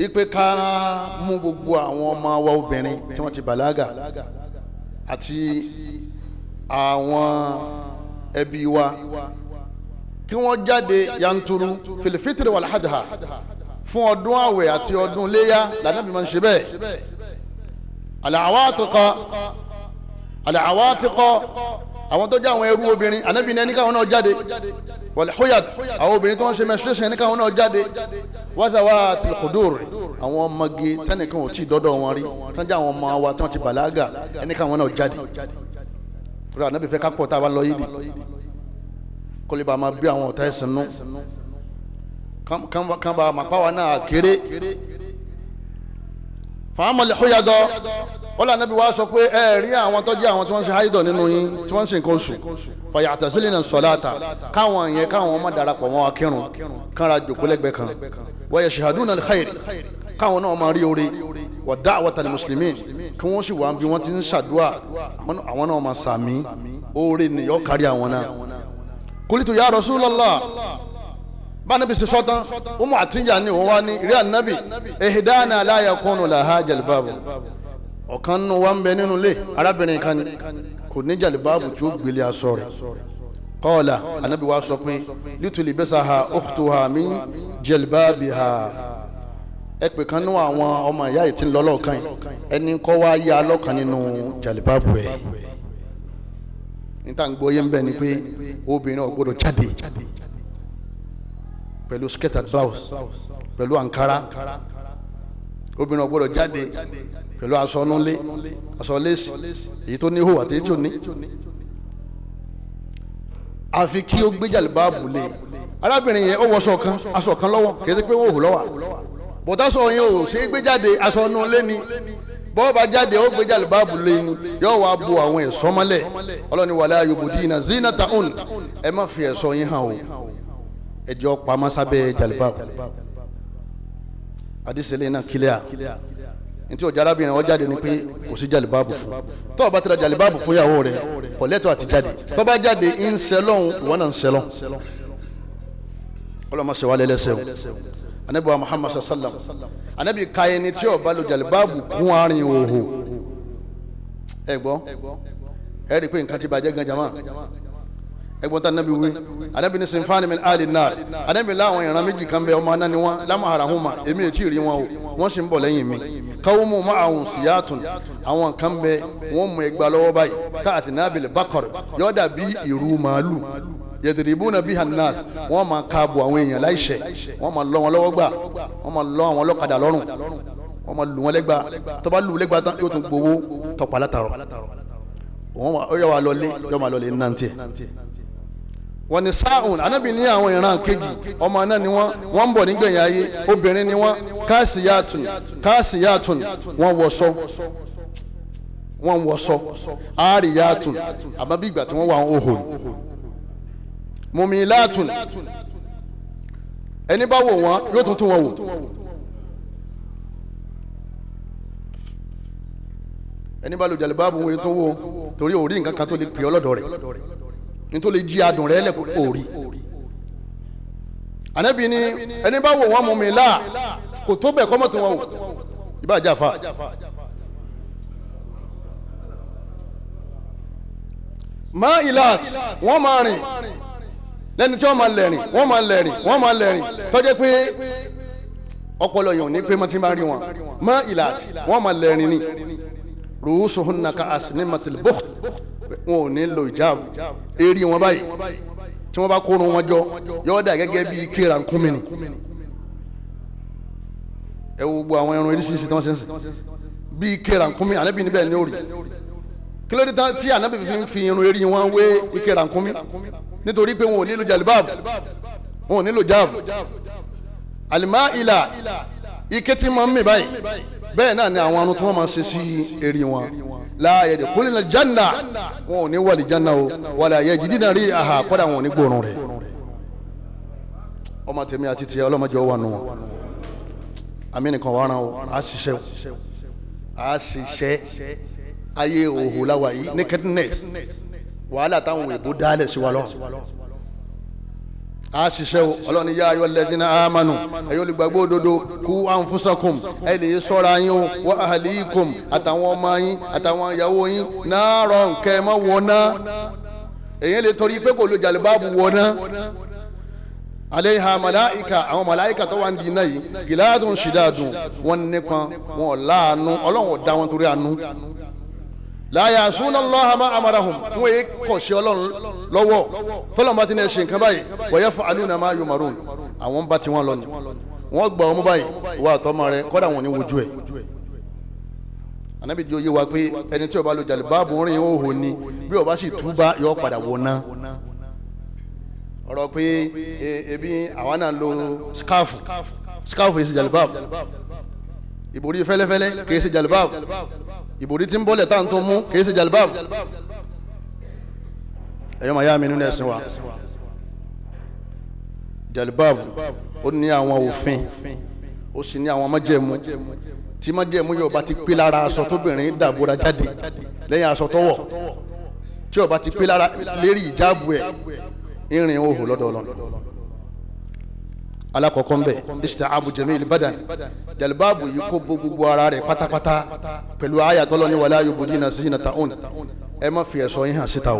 ipe ká mú gbogbo àwọn ọmọ wa obìnrin tí wọ́n ti bàlágà àti àwọn ẹbí wa kí wọ́n jáde yanturu filifitiri walhadha fún ọdún àwẹ̀ àti ọdún léyà lànàbí máa ń ṣe bẹ́ẹ̀ àlàáwátìkọ àlàáwátìkọ àwọn tó jẹ́ àwọn ẹrú obìnrin ànábì ní ẹnìkan náà jáde walhuyat àwọn obìnrin tó ń ṣe menstruation ẹnìkan náà jáde wazawati alkhudur àwọn ọmọge tẹnìkan ò tí ì dọ́dọ̀ wọn rí tán jẹ́ àwọn ọmọ wa tí wọ́n ti bàlágà ẹnìkan náà jáde rẹ ànábì fẹ́ ká pọ̀ tá a bá lọ yìí kó lè bá máa bí àwọn ọ̀tá ẹ̀sìn nú kán bá máa pàwọn náà kéré fàámọ̀lẹ̀ hóyàdọ̀ wọ́n lànà bí wàá sọ pé ẹ rí àwọn tó jẹ́ àwọn tí wọ́n ṣe háyìdọ̀ nínú yín tí wọ́n ṣe nǹkan oṣù fàyàtọ̀ sílẹ̀ náà sọ̀láàtà káwọn yẹn káwọn má darapọ̀ mọ́ akírun kára jòkó lẹ́gbẹ̀ẹ́ kan wọ́n yẹ ṣèhàdùn náà káyìrì káwọn náà máa rí orí wọ́n dá àwọn tani mùsùlùmí kí wọ́n sì wá bí wọ́n ti ń ṣàdúrà àwọn náà máa sàmí oore nìyọ́ kárí àwọn náà kulitu ya rasulallah báni bí sọ́tàn umu àtijọ́ ni wọ́n wá ní ìrí ànábì ehidana la yakunu laha jalibabu ọ̀kan nínú wa ń bẹ nínú ilé arábìnrin kan ni kò ní jalibabu tí ó gbélé aṣọ rẹ̀ kọ́ọ̀là ànábì wa sọ pé lítúlì bẹ́sà ha ukhtuha min jalibabiha ẹ pè kan nínú àwọn ọmọ ìyá ìtìlọ́lọ́kan ẹni kọ́ wá yá lọ́kan nínú jalibabu ẹ̀ níta ń gbọ́ yé ń bẹ̀ ni pé obìnrin ò gbọ́dọ̀ jáde pẹ̀lú skirt and blouse pẹ̀lú ankara obìnrin ò gbọ́dọ̀ jáde pẹ̀lú aṣọ nulé aṣọ léèsì èyí tó ní ihò àti èyí tó ní àfi kí ó gbé jàlibáàbù lé arábìnrin yẹn ó wọṣọ kan aṣọ kan lọ́wọ́ kì í ṣe pé wọn ò hù lọ́wọ́ bọ̀dá sọ yẹn ò ni bọ́ọ̀bà jáde ó gbé jàlè báàbù lẹ́yìn yóò wá bu àwọn ẹ̀ṣọ́ mọ́lẹ̀ ọlọ́ni wàlẹ́ ayọ̀bùdínà zina taun ẹ má fi ẹ̀ṣọ́ yín hàn o ẹ jọ pamọ́ sábẹ́ jàlè báàbù àdìsẹ́lẹ̀ náà kílẹ̀ à ọjà arábìnrin wọn jáde ni pé kò sí jàlibáàbù fún tó o bá tẹ̀lé jàlibáàbù fún ìyàwó rẹ kò lẹ́tọ̀ àti jáde tó bá jáde ń sẹlọ́n ìwọ náà ń sẹlọ́n ọlọ́mọ sẹ́wálẹ́lẹ́sẹ̀ o anabi wa muhammad sallam anabi kaye ni tí o bá lo jalibabu kún arin òhò ẹ gbọ́ ẹ rí i pé nǹkan ti bàjẹ́ gan jama ẹ gbọ́ tá anabi wí anabi ni sinfani min ali naa anabi láwọn ìran méjì kan bẹ ọmọ aná ni wọn lamahara huma èmi ò tí ì rí wọn o wọn sì ń bọ̀ lẹ́yìn mi kawumu ma àwọn siyatun àwọn kan bẹ wọn mú ẹgbàá lọ́wọ́ báyìí káàtì nábìlì bakọr yọ̀ọ́ dàbí ìrù màálù. yadribuna biha nas wọn máa ka bu àwọn èèyàn láìṣẹ̀ wọn máa lọ wọn lọ́wọ́ gbà wọn máa lọ àwọn ọlọ́kadà lọ́rùn wọ́n máa lù wọn lẹ́gba tó bá lù lẹ́gba tán yóò tún gbowó tọ̀pá látàrọ̀ wọ́n yà wà lọlé yọ máa lọlé nàntẹ́ wọn ní sáhùn anabi ní àwọn ìran kejì ọmọ náà ni wọ́n wọ́n ń bọ̀ nígbẹ̀yìn ayé obìnrin ni wọ́n káàsìyàtùn wọn wọsọ wọn wọsọ wọ̀ṣọ àárìyàtùn àmọ́ bí ìgbà tí wọn wà ń hòhò mumilatun ẹni bá wò wọn yóò tún tún wọn wò ẹni bá lo jàlùbáàbù wọn yóò tún wò torí òórí nǹkan kan tó lè pè ọ́ lọ́dọ̀ rẹ̀ nítorí jí adùn rẹ̀ lẹ́kọ̀ọ́ òórí ànábì ni ẹni bá wò wọn mumila kò tó bẹ̀ kọ́mọ̀ tún wọn wò ìbá àjàfà má ilat wọn máa rìn lẹ́nu tí wọ́n máa lẹ̀rìn wọ́n máa lẹ̀rìn wọ́n máa lẹ̀rìn tọ́jú pé ọpọlọ yẹn ò ní pé mọ́tí máa rí wọn mọ́ ìlà wọ́n máa lẹ́rìn ni rùúsù hùnà ká àsìní matil bọ́ọ̀t wọn ò ní lo ìjáàbù eré wọn báyìí tí wọ́n bá kórun wọn jọ yọ dà gẹ́gẹ́ bí ike rànkúnmi ni ẹ wo gbogbo àwọn ẹran oríṣiríṣi tí wọ́n ṣe ń sìn bí ike rànkúnmi ànábì níbẹ̀ ní òrì kí ló dé tí ànábì fi irun eré wọn wé ike rànkúnmi nítorí pé wọn ò nílò jalibab wọn ò nílò jab alima ila ike tí máa ń mì báyìí bẹ́ẹ̀ náà ni àwọn arun tí wọ́n máa ṣe sí eré wọn láàyè dè kúlẹ̀ janna wọn ò ní wàlì janna o wàlẹ̀ àyè jìdí náà rí àhà kọ́dà wọn ò ní gbòòrùn rẹ̀ ọmọ tèmi àti tìyà ọlọ́mọdé ọwọ́ nù wọn àmì wà rán o a ṣiṣẹ́ o a ṣiṣẹ́ ayé òhò láwàyí nakedness. nakedness wàhálà táwọn òyìnbó dálẹ̀ sí wa lọ́rùn a ṣiṣẹ́ o ọlọ́ni yá ayọ́ lẹ́dínà àmánu ẹ̀yọ́ olùgbàgbọ́ òdodo kú àǹfùsàkùm ẹ̀ lè sọ́ra yín o wà àhàlíkùm àtàwọn ọmọ yín àtàwọn ìyàwó yín náà rọ nkẹ́ mọ́ wọná èyí lè torí pé kò lo jàlùbáàbù wọná aleha malaika àwọn malaika tó wà ń di yìí gíláàdùn ṣìdáàdùn wọn nípọn wọn láàánú ọlọ́run ò dá wọn torí àánú láyà súnà lọ́hàmà amarahùn wọn yìí kàn ṣe ọlọ́run lọ́wọ́ fọlọ́n bá ti náà ṣe nǹkan báyìí wọ́yẹ fún alúna máa yọ màrún àwọn ń bá tiwọn lọ ni wọ́n gbà ọmú báyìí wà á tọ́mọ rẹ kọ́dà wọn ni wojú ẹ̀ anabi di oye wa pé ẹni tí ó bá lo jàlibáàbù rìn ó hò ni bí ó bá sì túbà yọ padà wò ná ọ̀rọ̀ pé e, ebi àwa náà lo skáfù skáfù yìí ṣe jàlibáàbù ìbòrí fẹ́lẹ́fẹ́lẹ́ kì í ṣe jàlibáàbù ìbòrí tí ń bọ́lẹ̀ tá à ń tó mú kì í ṣe jalibam ẹ̀yọ́ màá yá mi nínú ẹ̀sìn wa jalibam ó ní àwọn òfin ó sì ní àwọn májẹ̀mú tí májẹ̀mú yóò bá ti pé lára aṣọ tóbìnrin dàbúra jáde lẹ́yìn aṣọ tọ́wọ̀ tí yóò ti pé lára lérí ìjáàbù ẹ̀ ìrìn òhùn lọ́dọọlọ́dọ alakọ̀kọ́ nbẹ istihaabu jamil badan jalibaabu yìí kó bo gbogbo ara rẹ̀ pátápátá pẹ̀lú ayatollah ni wàlá yobodi na zina taun ẹ má fi ẹ̀sọ́ yín hàn síta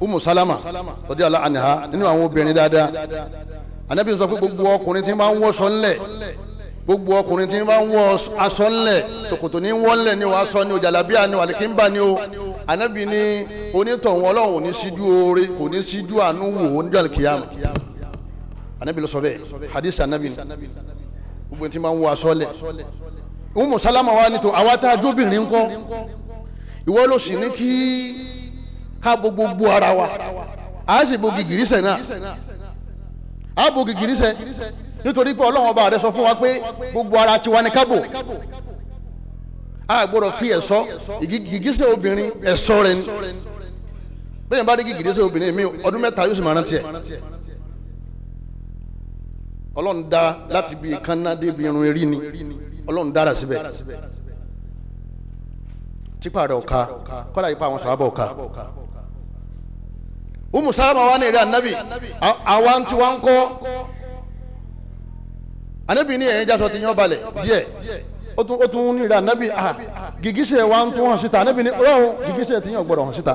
umu salama lọ́dí ala aniha nínú àwọn obìnrin dáadáa anabi sọ pé gbogbo ọkùnrin tí ń bá ń wọṣọ ńlẹ̀ gbogbo ọkùnrin tí ń bá ń wọ aṣọ ńlẹ̀ ṣòkòtò ní ń wọ́ ni wọ́n aṣọ ni o jàlábíà ni wàlíkínbà ni o anabi ni onítọ̀hún ọlọ́run ò ní síjú oore kò ní síjú àánú wò ó ní jọ̀lù kìyàmù anabi ló sọ bẹ́ẹ̀ hadith anabi gbogbo tí máa ń wọ aṣọ lẹ̀ ìwọ mùsàlámà wa ni tó àwa tá a jóbìnrin ńkọ́ ìwọ ló sì ní kí ká bo gbogbo ara wa a sì bo gìgìrísẹ̀ náà a bo gìgìrísẹ̀ nítorí pé ọlọ́run ọba rẹ sọ fún wa pé gbogbo ara tiwa ni ká a gbọ́dọ̀ fi ẹ̀ṣọ́ gìgísẹ̀ obìnrin ẹ̀ṣọ́ rẹ ni bẹ́ẹ̀ ni bá dé gìgísẹ̀ obìnrin mi ọdún mẹ́ta yóò sì máa rántí ẹ̀ ọlọ́run dá láti bí kánná débi irun erí ni ọlọ́run dára síbẹ̀ tipa rẹ̀ ọ̀ka kọ́lá yìí pa àwọn sọ̀rọ̀ ọ̀ka. umu sábà wà ní èrè ànábì àwa ń tiwa ń kọ́ ànábì ní ẹ̀yìn jásọ ti yán balẹ̀ díẹ̀ ó tún ní èrè ànábì à ah, gìgísẹ̀ wa ń tún hàn síta ànábì ní ọlọ́run gìgísẹ̀ ti yàn gbọ́dọ̀ hàn síta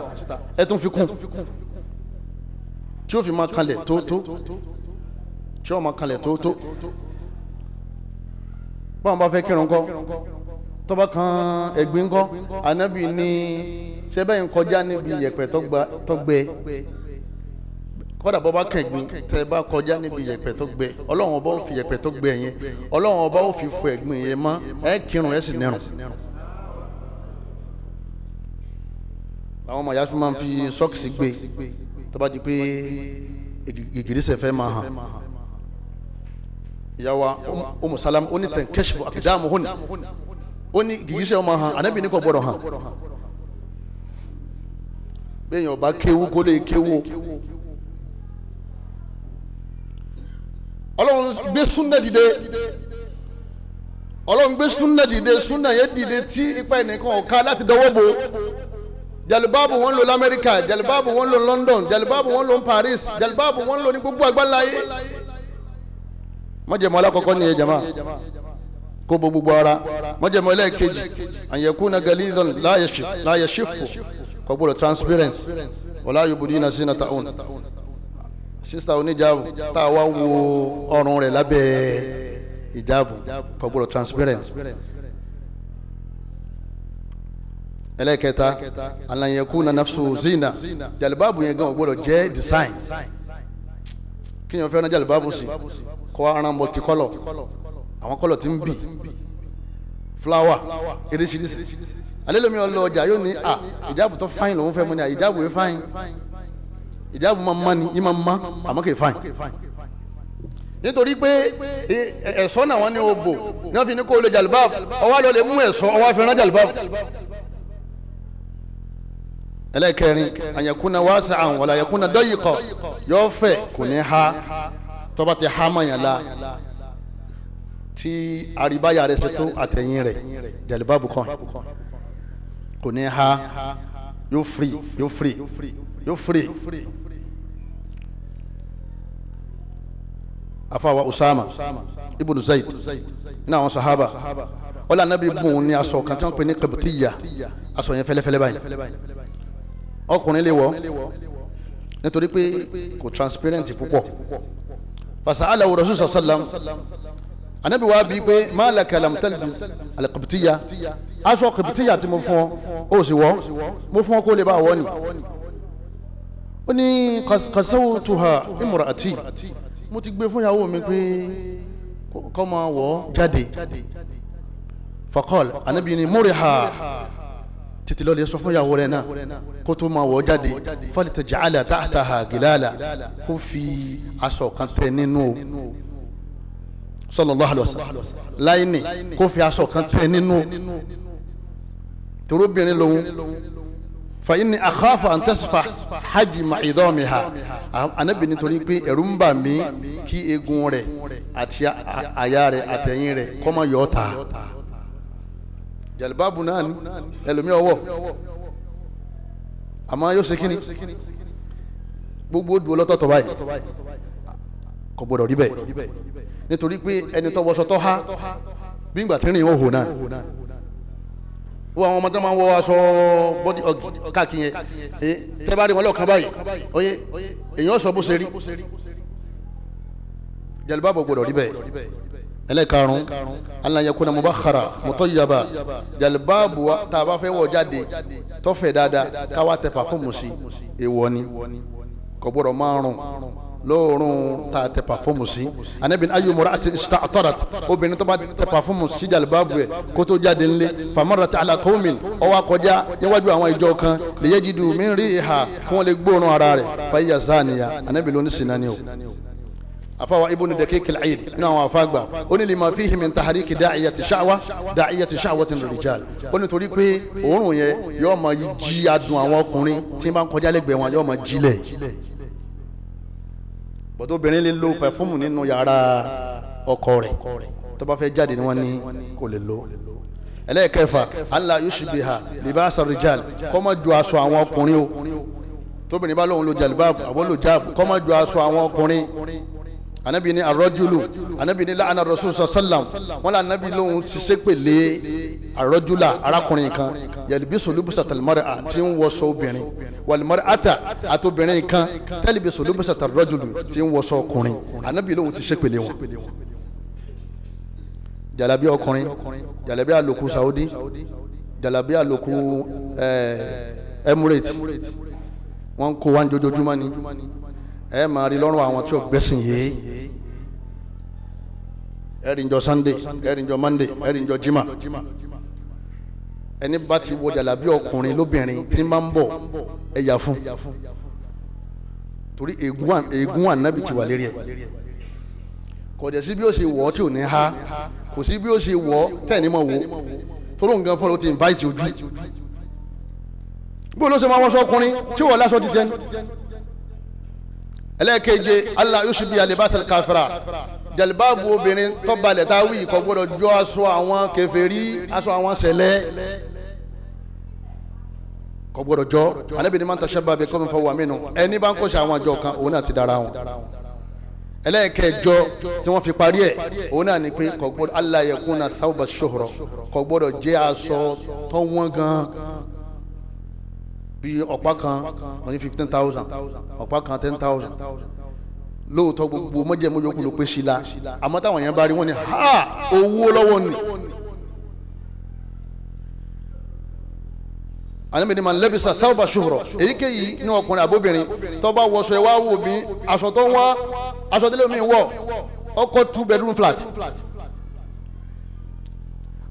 ẹ̀ tún fi kún tí ó fi máa kalẹ̀ tó tó tí ọmọ kanlẹ̀ tó tó báwọn bá fẹ́ kírun kọ́ tọ́ba kan ẹ̀gbin kọ́ anabi ní sẹ́bẹ̀ ń kọjá níbi yẹ̀pẹ̀ tọ́gbẹ kọ́dà bọ́ bá kẹ̀gbin tẹ́ bá kọjá níbi yẹ̀pẹ̀ tó gbẹ ọlọ́run ọba ó fi yẹ̀pẹ̀ tó yẹn ọlọ́run ọba ó fi fọ ẹ̀gbin yẹn mọ́ ẹ kírun ẹ sì nírun. àwọn ọmọ ìyá fi sọ́ọ̀kì sí gbé tó di pé gìgìrísẹ̀ fẹ́ máa hàn ìyàwó Umu umm- Salama ó ní tẹ̀ kẹ́sìfù àkìdáàmù hóni ó ní gìgísẹ̀ ọmọ hàn ànábì ní kò gbọ́dọ̀ hàn bẹ́ẹ̀ yẹn ọba kéwu kó lè kéwu ọlọ́run gbé súnà dìde ọlọ́run gbé súnà dìde súnà yẹn dìde tí ipa ẹnìkan ọ̀ka láti dọwọ́ bo jalibaabu wọn lò lamẹ́ríkà jalibaabu wọn lò London jalibaabu wọn lò Paris jalibaabu wọn lò ní gbogbo àgbáláyé mọ́jẹ̀mú alákọ̀ọ́kọ́ nìyẹn jama kó bo gbogbo ara mọ́jẹ̀mú ẹlẹ́ẹ̀kejì àyẹ̀kú na galizan láyẹ̀ ṣífù kò gbọ́dọ̀ transparent ọ̀la yòbùdí na sínú taun sista oníjàbù tá a wá wo ọrùn rẹ̀ lábẹ́ ìjàbù kò gbọ́dọ̀ transparent ẹlẹ́ẹ̀kẹta àlàyẹ̀kú na nafsu zina jalibabu yẹn gan ò gbọ́dọ̀ jẹ́ design. design kínyàn fẹ́ nájà lùbáàbù sí kọ́ aran multicolor àwọn kọ́lọ̀ tí ń bì fúláwà eréṣiríṣi alẹ́ lómi ọlọ ọjà yóò ní à ìjáàbù tó fáyín lòún fẹ́ mu ni à ìjáàbù yẹn fáyín ìjáàbù máa ma ni yín máa ma àmọ́ kì í fáyín nítorí pé e, e, ẹ̀ṣọ́ náà wọ́n ní o bò ní wọ́n fi ní kó o lè jàlùbáàbù ọwọ́ àlọ́ lè mú ẹ̀ṣọ́ ọwọ́ àfẹ́ràn ẹlẹ́kẹrin àyẹ̀kúnna wáṣà àwọn wọlé àyẹ̀kúnna dọ́yìkọ̀ yọ fẹ̀ kò ní ha tọ́ba ti ha mọ̀ yàn la tí àríbáyà rẹ̀ ṣètò àtẹ̀yìn rẹ̀ jẹ̀lẹ́bàbù kan kò ní ha yóò firi yóò firi yóò firi afawa usama ibnu zayd ní àwọn sahaba wọ́n anabi bùn ní aṣọ kan tí wọ́n pè ní kabutiya aṣọ yẹn fẹ́lẹ́fẹ́lẹ́ báyìí ọkùnrin lè wọ̀ nítorí pé kò transparent púpọ̀ fasa aláwọ̀ rasul sallam anabi wa bi pé maala kalam talbis alikabitiya aṣọ kabitiya tí mo fún ọ ó sì wọ̀ mo fún ọ kó lè bá wọ̀ ni ó ní kasawu tuha imura ati mo ti gbé fún ìyàwó mi pé kọ́ máa wọ̀ jáde fakọ́l anabi ni múri tètè lọ́ọ́ lè sọ fún ìyàwó rẹ̀ náà kó tó máa wọ̀ jáde faltaj'ala tahtaha gilala kó fi aṣọ kan tẹ nínú o sallallahu alaihi wasallam láìní kó fi aṣọ kan tẹ nínú o torobìnrin lòun fa inni akhafu an tasfa hajma idamiha anabi nítorí pé ẹ̀rù ń bà mí kí eegun rẹ̀ àti àyà rẹ̀ àtẹ̀yìn rẹ̀ kó ta jàlùbáàbù náà ni ẹlòmí ọwọ́ àmọ́ yóò ṣe kíni gbogbo dùn lọ́tọ̀ọ̀tọ̀ báyìí kò gbọdọ̀ rí bẹ́ẹ̀ nítorí pé ẹni tó wọṣọ tó há bí ìgbà tí ń rìn ìhòhò náà wo àwọn ọmọdé máa ń wọ aṣọ bọ́dí ọ̀gì káàkiri yẹn eh, tẹ́ bá rí wọn lọ́ọ̀kan báyìí oyè èyàn sọ bó ṣe rí jàlùbáàbù gbọdọ̀ rí bẹ́ẹ̀ ẹlẹ́karùn alayakuna mubakara mutọyaba jalibaabu taaba fẹ́ wọ̀ jáde tó fẹ̀ dáadáa káwa tẹ pàfọ́ọ̀mù sí èèwọ̀ ni kò gbọ́dọ̀ márùn lóòrùn tá a tẹ pàfọ́ọ̀mù sí anabi ayu mura ati ista'tarat obìnrin tó bá tẹ pàfọ́ọ̀mù sí jalibaabu yẹ kó tó jáde ńlẹ famarati ala qawmin ó wá kọjá níwájú àwọn ìjọ kan lèyẹ jìdù min riha kí wọ́n lè gbóòórùn ara rẹ̀ fayya zaniya anabi ló ní sinani o afawa ibn dakik al-aid inú àwọn afagba ó ní lima fihi min tahriki da'iyati sha'wa da'iyati sha'watin rijal ó ní torí pé òórùn yẹn yóò máa jí adùn àwọn ọkùnrin tí wọ́n kọjá lẹ́gbẹ̀ẹ́ wọn yóò máa jílẹ̀ bọ́tò obìnrin lè lo pẹ̀fúmù nínú yàrá ọkọ rẹ̀ tó bá fẹ́ jáde ni wọ́n ní kò lè lo ẹlẹ́ẹ̀kẹfà allah yushbiha libasa rijal kó ju aṣọ àwọn ọkùnrin o tóbìnrin bá lóun lo jalibab àbó lo jab kó ju aṣọ àwọn ọkùnrin anabi ni arọjulu anabi ni laana rasul sallam wọn la anabi lóhun ṣiṣẹ́ pèlè arọjula arákùnrin kan yalibiso lubusa talimari a ti ń wọṣọ obìnrin walimari ata àti obìnrin kan talibiso lubusa talimari ti ń wọṣọ ọkùnrin anabi lóhun ṣiṣẹ́ pèlè wọn jalabi ọkùnrin jalabi aloku saudi jalabi aloku ẹẹ eh, emirate wọn kó wa ń jojoojúmọ́ ni ẹ máa rí lọ́rùn àwọn tí ò gbẹ́sìn yìí ẹ rí njọ Sunday ẹ rí Monday ẹ rí njọ jimá ẹni bá ti wọ jàlábí ọkùnrin lóbìnrin tí máa ń bọ̀ ẹ yà fún torí ègún ànábì ti wà lérí ẹ kò dẹ̀ sí bí ó ṣe wọ̀ ọ́ tí ò ní ha kò sí bí ó ṣe wọ̀ ọ́ tẹ̀ mọ̀ wò toró nǹkan fọlọ́ ti invite ojú bí olóṣèlú máa wọ́n sọ ọkùnrin tí wọ́n lásọ ti tẹ́ ẹlẹ́ẹ̀keje allah yóò ṣubi alibasal kafra jalibabu obìnrin tọ́balẹ̀ tá a wí kò gbọ́dọ̀ jọ aṣọ àwọn kèfèrí aṣọ àwọn sẹ̀lẹ̀ kò gbọ́dọ̀ jọ alẹ́bìnrin máa ń tasaba bẹ kọ́mi fọwọ́ mi nù ẹni bá ń kọ́ṣe àwọn àjọ kan òun náà ti dára wọn ẹlẹ́ẹ̀kẹjọ tí wọ́n fi parí ẹ̀ òun náà ni pé kò gbọ́dọ̀ allah sábà ṣòro kò gbọ́dọ̀ jẹ́ aṣọ tó gan-an Bi ọ̀pá kan wọ́n ní fifteen thousand ọ̀pá kan ten thousand lóòótọ́ gbogbo mọ́jẹ̀mọ́ yòókù ló pé sí la àmọ́ táwọn yẹn bá rí wọ́n ní ha owó lọ́wọ́ ni. àníbi ni màá lẹ́bisa thalba ṣuhrọ̀ èyíkéyìí ní ọkùnrin àbóbìnrin tó bá wọṣọ ẹ̀ wá wò bí aṣọ tó ń wá aṣọ délé mi wọ̀ ọkọ̀ two bedroom flat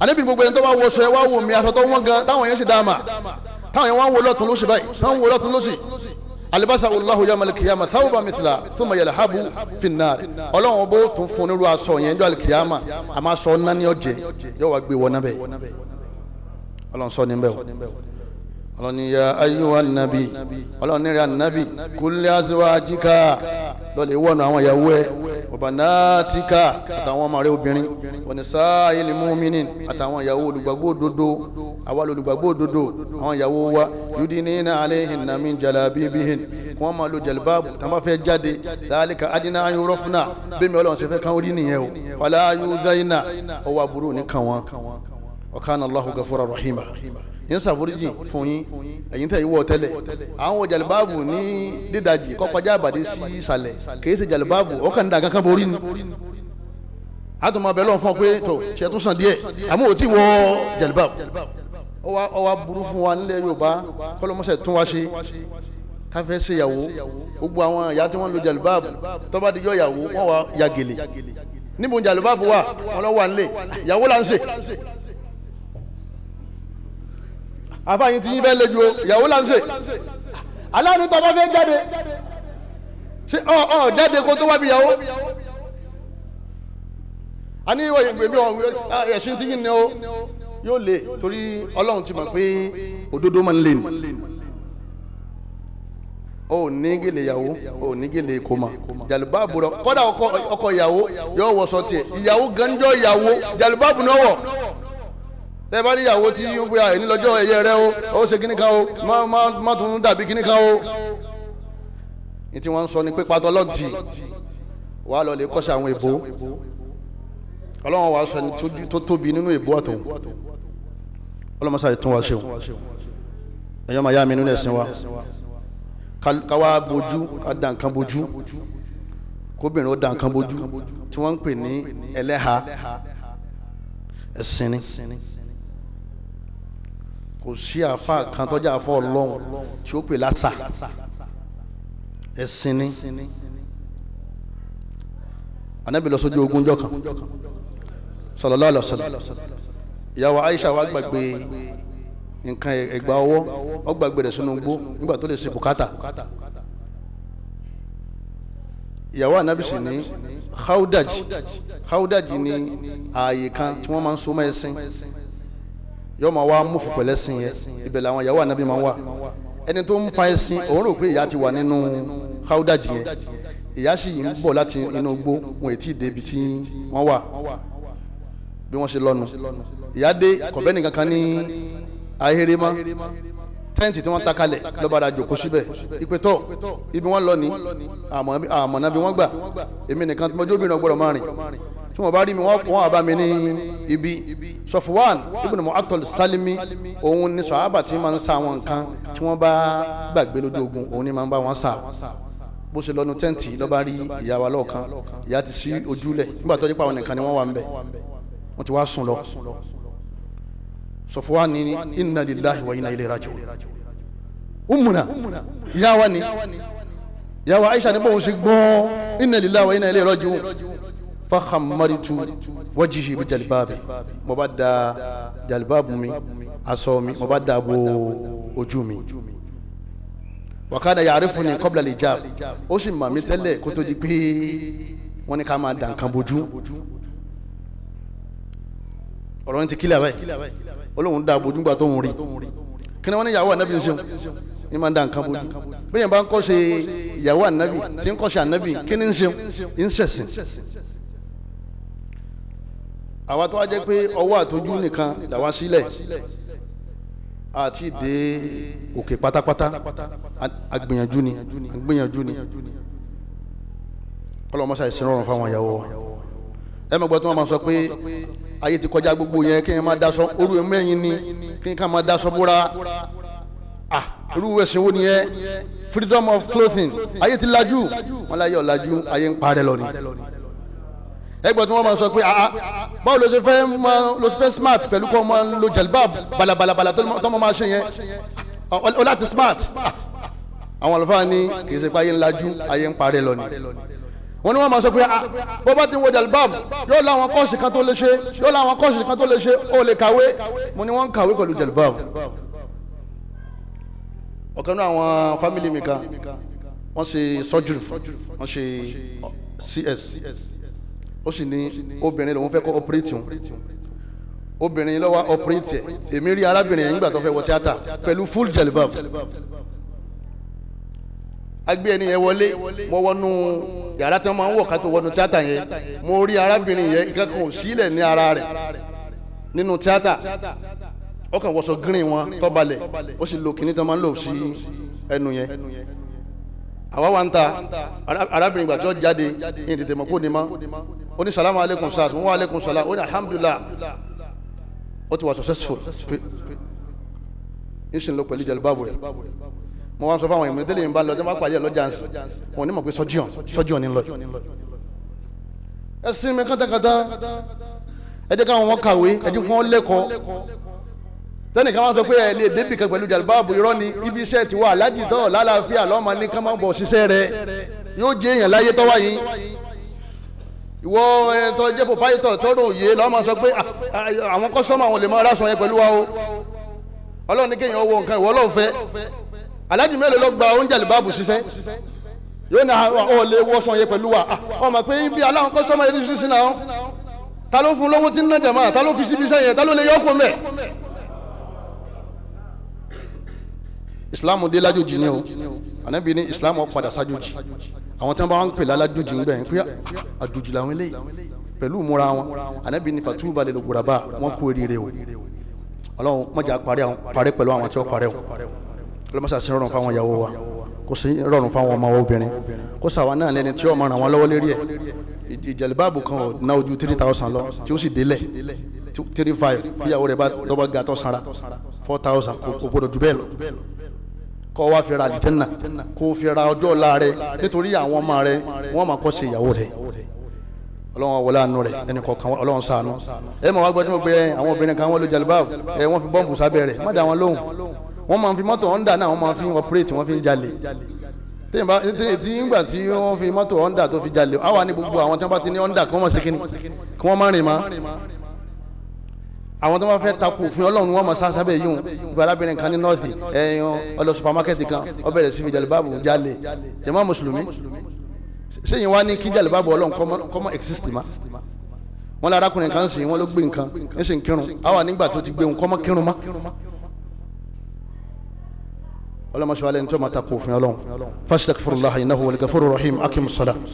àníbi gbogbo ẹni tó bá wọṣọ ẹ̀ wá wò mí aṣọ tó ń wọ́n gan táwọn yẹn sì dá a mà táwọn yẹn wọ́n ń wo lọ́tún lóṣì báyìí táwọn ń wo lọ́tún lóṣì alibasa wòlúwàhù yà màlì kìyàmà thawba mithla thumma yalhabu finnaar ọlọ́run bó tún fún nílùú aṣọ yẹn ní alikìyàmà àmà sọ nání ọ̀jẹ̀ yóò wá gbé wọn náà bẹ́ẹ̀ ọlọ́run sọ ní bẹ́ẹ̀ o ọlọ́ni ya ayéwà nàbí ọlọ́ni rẹ̀ nàbí kúlẹ̀ azwajika lọ́lẹ̀ wọ̀nà àwọn ìyàwó ẹ̀ ọ̀bànàtìkà àtàwọn ọmọ rẹ̀ obìnrin ọ̀nìṣà ilẹ̀ mọ́mìnì àtàwọn ìyàwó olùgbàgbọ́ òdodo àwa olùgbàgbọ́ òdodo àwọn ìyàwó wa yudinina alayhinna min jalabibihin kí wọ́n máa lo jẹ̀lbáàbù tá a bá fẹ́ jáde dhalika adina an yurafna ọlọ́run ṣe fẹ́ káwọn rí nìyẹn o fala yuzaina ọwọ́ àbúrò ní kàwọn wa kana Allahu ghafura rahima ń ṣàforíjì fún yín ẹ̀yin tẹ̀ ìwọ tẹ́lẹ̀ àwọn jàlibáàbù ní dídajì kọ́kọ́já àbàdé sí ìsàlẹ̀ kì í ṣe jàlibáàbù ọkàn ní dàgán kan borí ni àtò máa bẹ̀ lọ́n fún ọ pé tó ṣe tó sàn díẹ̀ àmọ́ ò tí wọ jàlibáàbù ọ wa burú fún wa nílẹ̀ Yorùbá kọ́lọ́mọṣẹ́ tún wá ṣe káfẹ́ ṣe yàwó gbogbo àwọn ìyá tí wọ́n ń lo jàlibáàbù tọ́ba dijọ́ yàwó wọ́n wá yàgèlè níbo jàlibáàbù wà wọ́n lọ́ wà nílẹ̀ yàwó là ń ṣe àfààyàn ti yín fẹ́ lẹ́jọ́ ìyàwó là ń ṣe aláàánú tó bá fẹ́ jáde ṣe ọ ọ jáde kó tó wá bí ìyàwó a ní ìwọ ìgbèmí ọ̀hún ẹ̀sìn tí yín ni ó yóò lè torí ọlọ́run ti mọ̀ pé òdodo máa ń lè ní o ní gèlè ìyàwó o ní gèlè kòmà jàlùbáàbù rẹ kọ́dà ọkọ ìyàwó yóò wọṣọ tiẹ̀ ìyàwó ganjọ́ ìyàwó jàlùbáàbù náà tẹ bá rí ìyàwó tí ó gbé àìní lọ́jọ́ ẹ̀yẹ rẹ o ó ṣe kíní kan o má tún dàbí kíní kan o ní tí wọ́n ń sọ ni pé pátọ́ lọ́ọ̀tì wàá lọ lè kọ́ṣẹ́ àwọn èbó ọlọ́wọ́n wàá sọ ẹni tó tóbi nínú èbó ọ̀tún ọlọ́mọṣáà tún wá ṣeun ẹ̀yọ́ màá yá mi nínú ẹ̀sìn wa ká wá bojú ká dà nǹkan bojú kóbìnrin ó dà nǹkan bojú tí wọ́n ń pè ní ẹlẹ́ha ẹ̀sìn ni kò sí àfa kan tọ́jà àfọ ọlọ́run tí ó pè lásà ẹ̀sìn ni anabi lọ sójú ogun kan sallallahu alaihi ìyàwó Aisha wa gbàgbé nǹkan ẹ̀gbà ọwọ́ ó gbàgbé rẹ̀ sínú gbó nígbà tó lè ṣe bùkátà ìyàwó anabi sì ní haudaji haudaji ni ààyè kan tí wọ́n máa ń so mọ́ ẹ̀sìn yóò máa wá múfù pẹ̀lẹ́ sí yẹn ibẹ̀ làwọn ìyàwó ànábì máa wà ẹni tó ń fa ẹṣin òun rò pé ìyá ti wà nínú káwúdàjì yẹn ìyá sì ń bọ̀ láti inú igbó wọn ètí ìdèbí tí wọ́n wà bí wọ́n ṣe lọ́nu ìyá dé kọ̀bẹ́nì kankan ní ahéré mọ́ tẹ́ǹtì tí wọ́n ta kalẹ̀ lọ́bàdà jòkó síbẹ̀ ìpè tọ́ ibi wọ́n lọ ní àmọ́ náà bí wọ́n gbà èmi nìkan mọ́jú obìnrin ọgbọ́dọ̀ máa rìn tí wọ́n bá rí mi wọ́n wà bá mi ní ibi Sọfwan ibn Mu'attal Salimi òun ni sọ̀hábà tí máa ń sa àwọn nǹkan tí wọ́n bá gbàgbé lójú ogun òun ni máa ń bá wọn sà bó ṣe lọ́nu tẹ́ǹtì lọ́ba rí ìyá wa lọ́ọ̀kan ìyá ti sí ojúlẹ̀ nígbà tó dé pa àwọn nìkan ni wọ́n wà ń bẹ̀ wọ́n ti wá sùn lọ Sọfwan ni inna lillahi wa inna ilayhi raji'un umuna ìyá wa ni ìyá wa Aisha ni bóun ṣe gbọ́ inna lillahi wa inna ilayhi raji'un fakhamaritu wajihi bi jalibabi mo bá da jalibabu mi aṣọ mi mo bá da bo ojú mi wakada yarifuni kọbla le ja ó sì mà mí tẹ́lẹ̀ kó tó di pé wọ́n ní ká máa dà nǹkan bojú ọ̀rọ̀ ní ti kílẹ̀ abẹ́ olóhùn dà bojú gbà tó ń rí kí ni wọ́n ní ìyàwó ànábì ń ṣeun ní máa dà nǹkan bojú bí yẹn bá ń kọ́ ṣe ìyàwó ànábì tí ń kọ́ ṣe ànábì kí ni àwa tó wá jẹ́ pé ọwọ́ àtọ́jú nìkan làwa sílẹ̀ àti dé òkè pátápátá agbìyànjú ni agbìyànjú ni ọlọ́mọṣà ìsinrọ̀rùn fáwọn ìyàwó wa ẹ mọ̀ gbọ́ tí wọ́n máa sọ pé ayé ti kọjá gbogbo yẹn kí n máa daṣọ orú mẹ́yìn ni kí n ká máa daṣọ búra ah irú ẹ̀sìn wo nìyẹn freedom of clothing ayé ti lajú wọn láyé ọ̀lajú ayé ń parẹ́ lọ ni ẹgbẹ́ tí wọ́n máa sọ pé ah, ah báwo ló ṣe fẹ́ máa ló ṣe fẹ́ smart pẹ̀lú kó máa lo jalbab balabalabala tó máa ṣe yẹn ó láti smart àwọn àlùfáà ní kì í ṣe pé ayé ń lajú ayé ń parẹ́ lọ ni wọ́n ní wọ́n máa sọ pé ah bó bá ti ń wo jalbab yóò láwọn kọ́ọ̀sì kan tó lè ṣe yóò láwọn kọ́ọ̀sì kan tó lè ṣe ó lè kàwé mo ní wọ́n ń kàwé pẹ̀lú jalbab ọ̀kan náà àwọn fámìlì mi kan wọ́n ṣe surgery wọ́n ṣe uh, cs ó sì ní obìnrin lòun fẹ́ kọ́ ọpírẹ́tì òun obìnrin ló wá ọpírẹ́tì ẹ̀ èmi rí arábìnrin yẹn nígbà tó fẹ́ wọ tíátà pẹ̀lú full jelibab agbé ẹni yẹn wọlé mo wọnú yàrá tí wọ́n máa ń wọ̀ ká tó wọnú tíátà yẹn mo rí arábìnrin yẹn ìkankan ò sílẹ̀ ní ara rẹ̀ nínú tíátà ó kàn wọṣọ green wọn tó ó sì lo kìnnìkan máa ń lò sí ẹnu yẹn àwa wa ń ta arábìnrin gbàtí jáde ní tètè mọ̀ kó ni mọ́ ó ní salamu aleykum sars mo wá aleykum salam ó ní alhamdulilah ó ti wà successful n sì ń lọ pẹ̀lú jẹlibáàbò rẹ̀ mo wá sọ fún àwọn ìmọ̀lẹ́tẹ́lẹ̀ yìí ń bá lọ tí wọ́n bá pàdé ẹ̀ lọ́jà ń sìn wọn ní mọ̀ pé sọ́jíọ̀n sọ́jíọ̀n ni lọ ẹ̀sìn mi kátàkátà ẹ jẹ́ káwọn wọn kàwé ẹ jẹ́ káwọn lẹ́kọ̀ọ́ tẹnìkan wọn sọ pé ẹ lè débì kan pẹ̀lú jàlbáàbù irọ́ ni ibi iṣẹ́ ti wà aládìtọ́ lálàáfíà lọ́mọ ní ká má bọ̀ ṣiṣẹ́ rẹ yóò jẹ́ èèyàn láyé tọ́wá yìí ìwọ ẹ̀tọ́ jẹ́ pòpáyìtọ̀ tọ́rọ òye lọ́wọ́ máa sọ pé ah, ah, àwọn kọ́sọ́mù àwọn lè máa rásọ yẹn pẹ̀lú wa o ọlọ́run ní kéèyàn wọ nǹkan ìwọ lọ́wọ́ fẹ́ alájì mélòó ló gba oúnjẹ àlùbáàbù ṣiṣẹ́ yóò ní ọ ah, lè wọ́sàn yẹn pẹ̀lú wa ọ mọ̀ pé ibi aláwọn kọ́sọ́mù yẹn ti sin náà ta ló fún lọ́wọ́ tí ń nájà máa ta ló fi síbi iṣẹ́ yẹn ta ló lè yọ ọkọ mẹ́ Islam dé lájòjì ni o ànábì ní Islam padà sájòjì àwọn tí wọn bá wọn pè lálàdùjì ń bẹ ń pé ah, àdùjì làwọn eléyìí pẹ̀lú ìmúra wọn ànábì ní fatuba lil ghuraba wọn kú oríire o ọlọ́run mọ̀jà parẹ́ pẹ̀lú àwọn tí wọ́n parẹ́ o ọlọ́mọṣà sí rọrùn fáwọn ìyàwó wa kò sí rọrùn fáwọn ọmọ wa obìnrin kó sàwọn náà lẹni tí ọmọ ràn wọn lọ́wọ́ lérí ẹ̀ ìjẹ̀libáàbù kan ò ná ojú three thousand lọ tí ó sì délẹ̀ three five bíyàwó rẹ̀ bá tọ́ba gàtọ̀ sara four thousand kò gbọdọ̀ jù lọ kọ́ wá fi ra àlìjẹ́nà kó fi ra ọjọ́ ọ̀la rẹ nítorí àwọn ọmọ rẹ wọ́n máa kọ́ ṣe ìyàwó rẹ ọlọ́run wọlé àánú rẹ ẹnì kọ̀ọ̀kan ọlọ́run ṣàánú ẹ mọ̀ wá gbọ́ tí mo pe àwọn obìnrin kan wọ́n lo jalibab ẹ wọ́n fi bọ́ǹbù sábẹ́ rẹ̀ má dá wọn lóhùn wọ́n máa fi mọ́tò Honda náà wọ́n máa fi operate wọ́n fi ń jalè tí nígbà tí wọ́n fi mọ́tò Honda tó fi jalè àwa ní gbogbo àwọn tí wọ́n bá ti ní Honda kí wọ́n má ṣe kíni kí wọ́n má rìn má àwọn tó máa fẹ́ takò fún ọlọ́run wọn mọ̀ sásábẹ́ yìí wọn ibi arábìnrin kan ní nọ́ọ̀sì ẹ̀yìn ọlọ supamakẹ́tì kan ó bẹ̀rẹ̀ sí fi jàlùbáàbù jalè jàmá mùsùlùmí sẹ́yìn wá ní kí jàlùbáàbù ọlọ́run kọ́mọ exist ma wọn lára kùnrin kan sìn wọn ló gbé nǹkan ń sìn kírun àwa nígbà tó ti gbé wọn kọ́mọ kírun ma ọlọ́mọṣẹ́ wa lẹ́ni tó máa takò fún ọlọ́run fastaghfirullah innahu wal ghafurur rahim akim salam.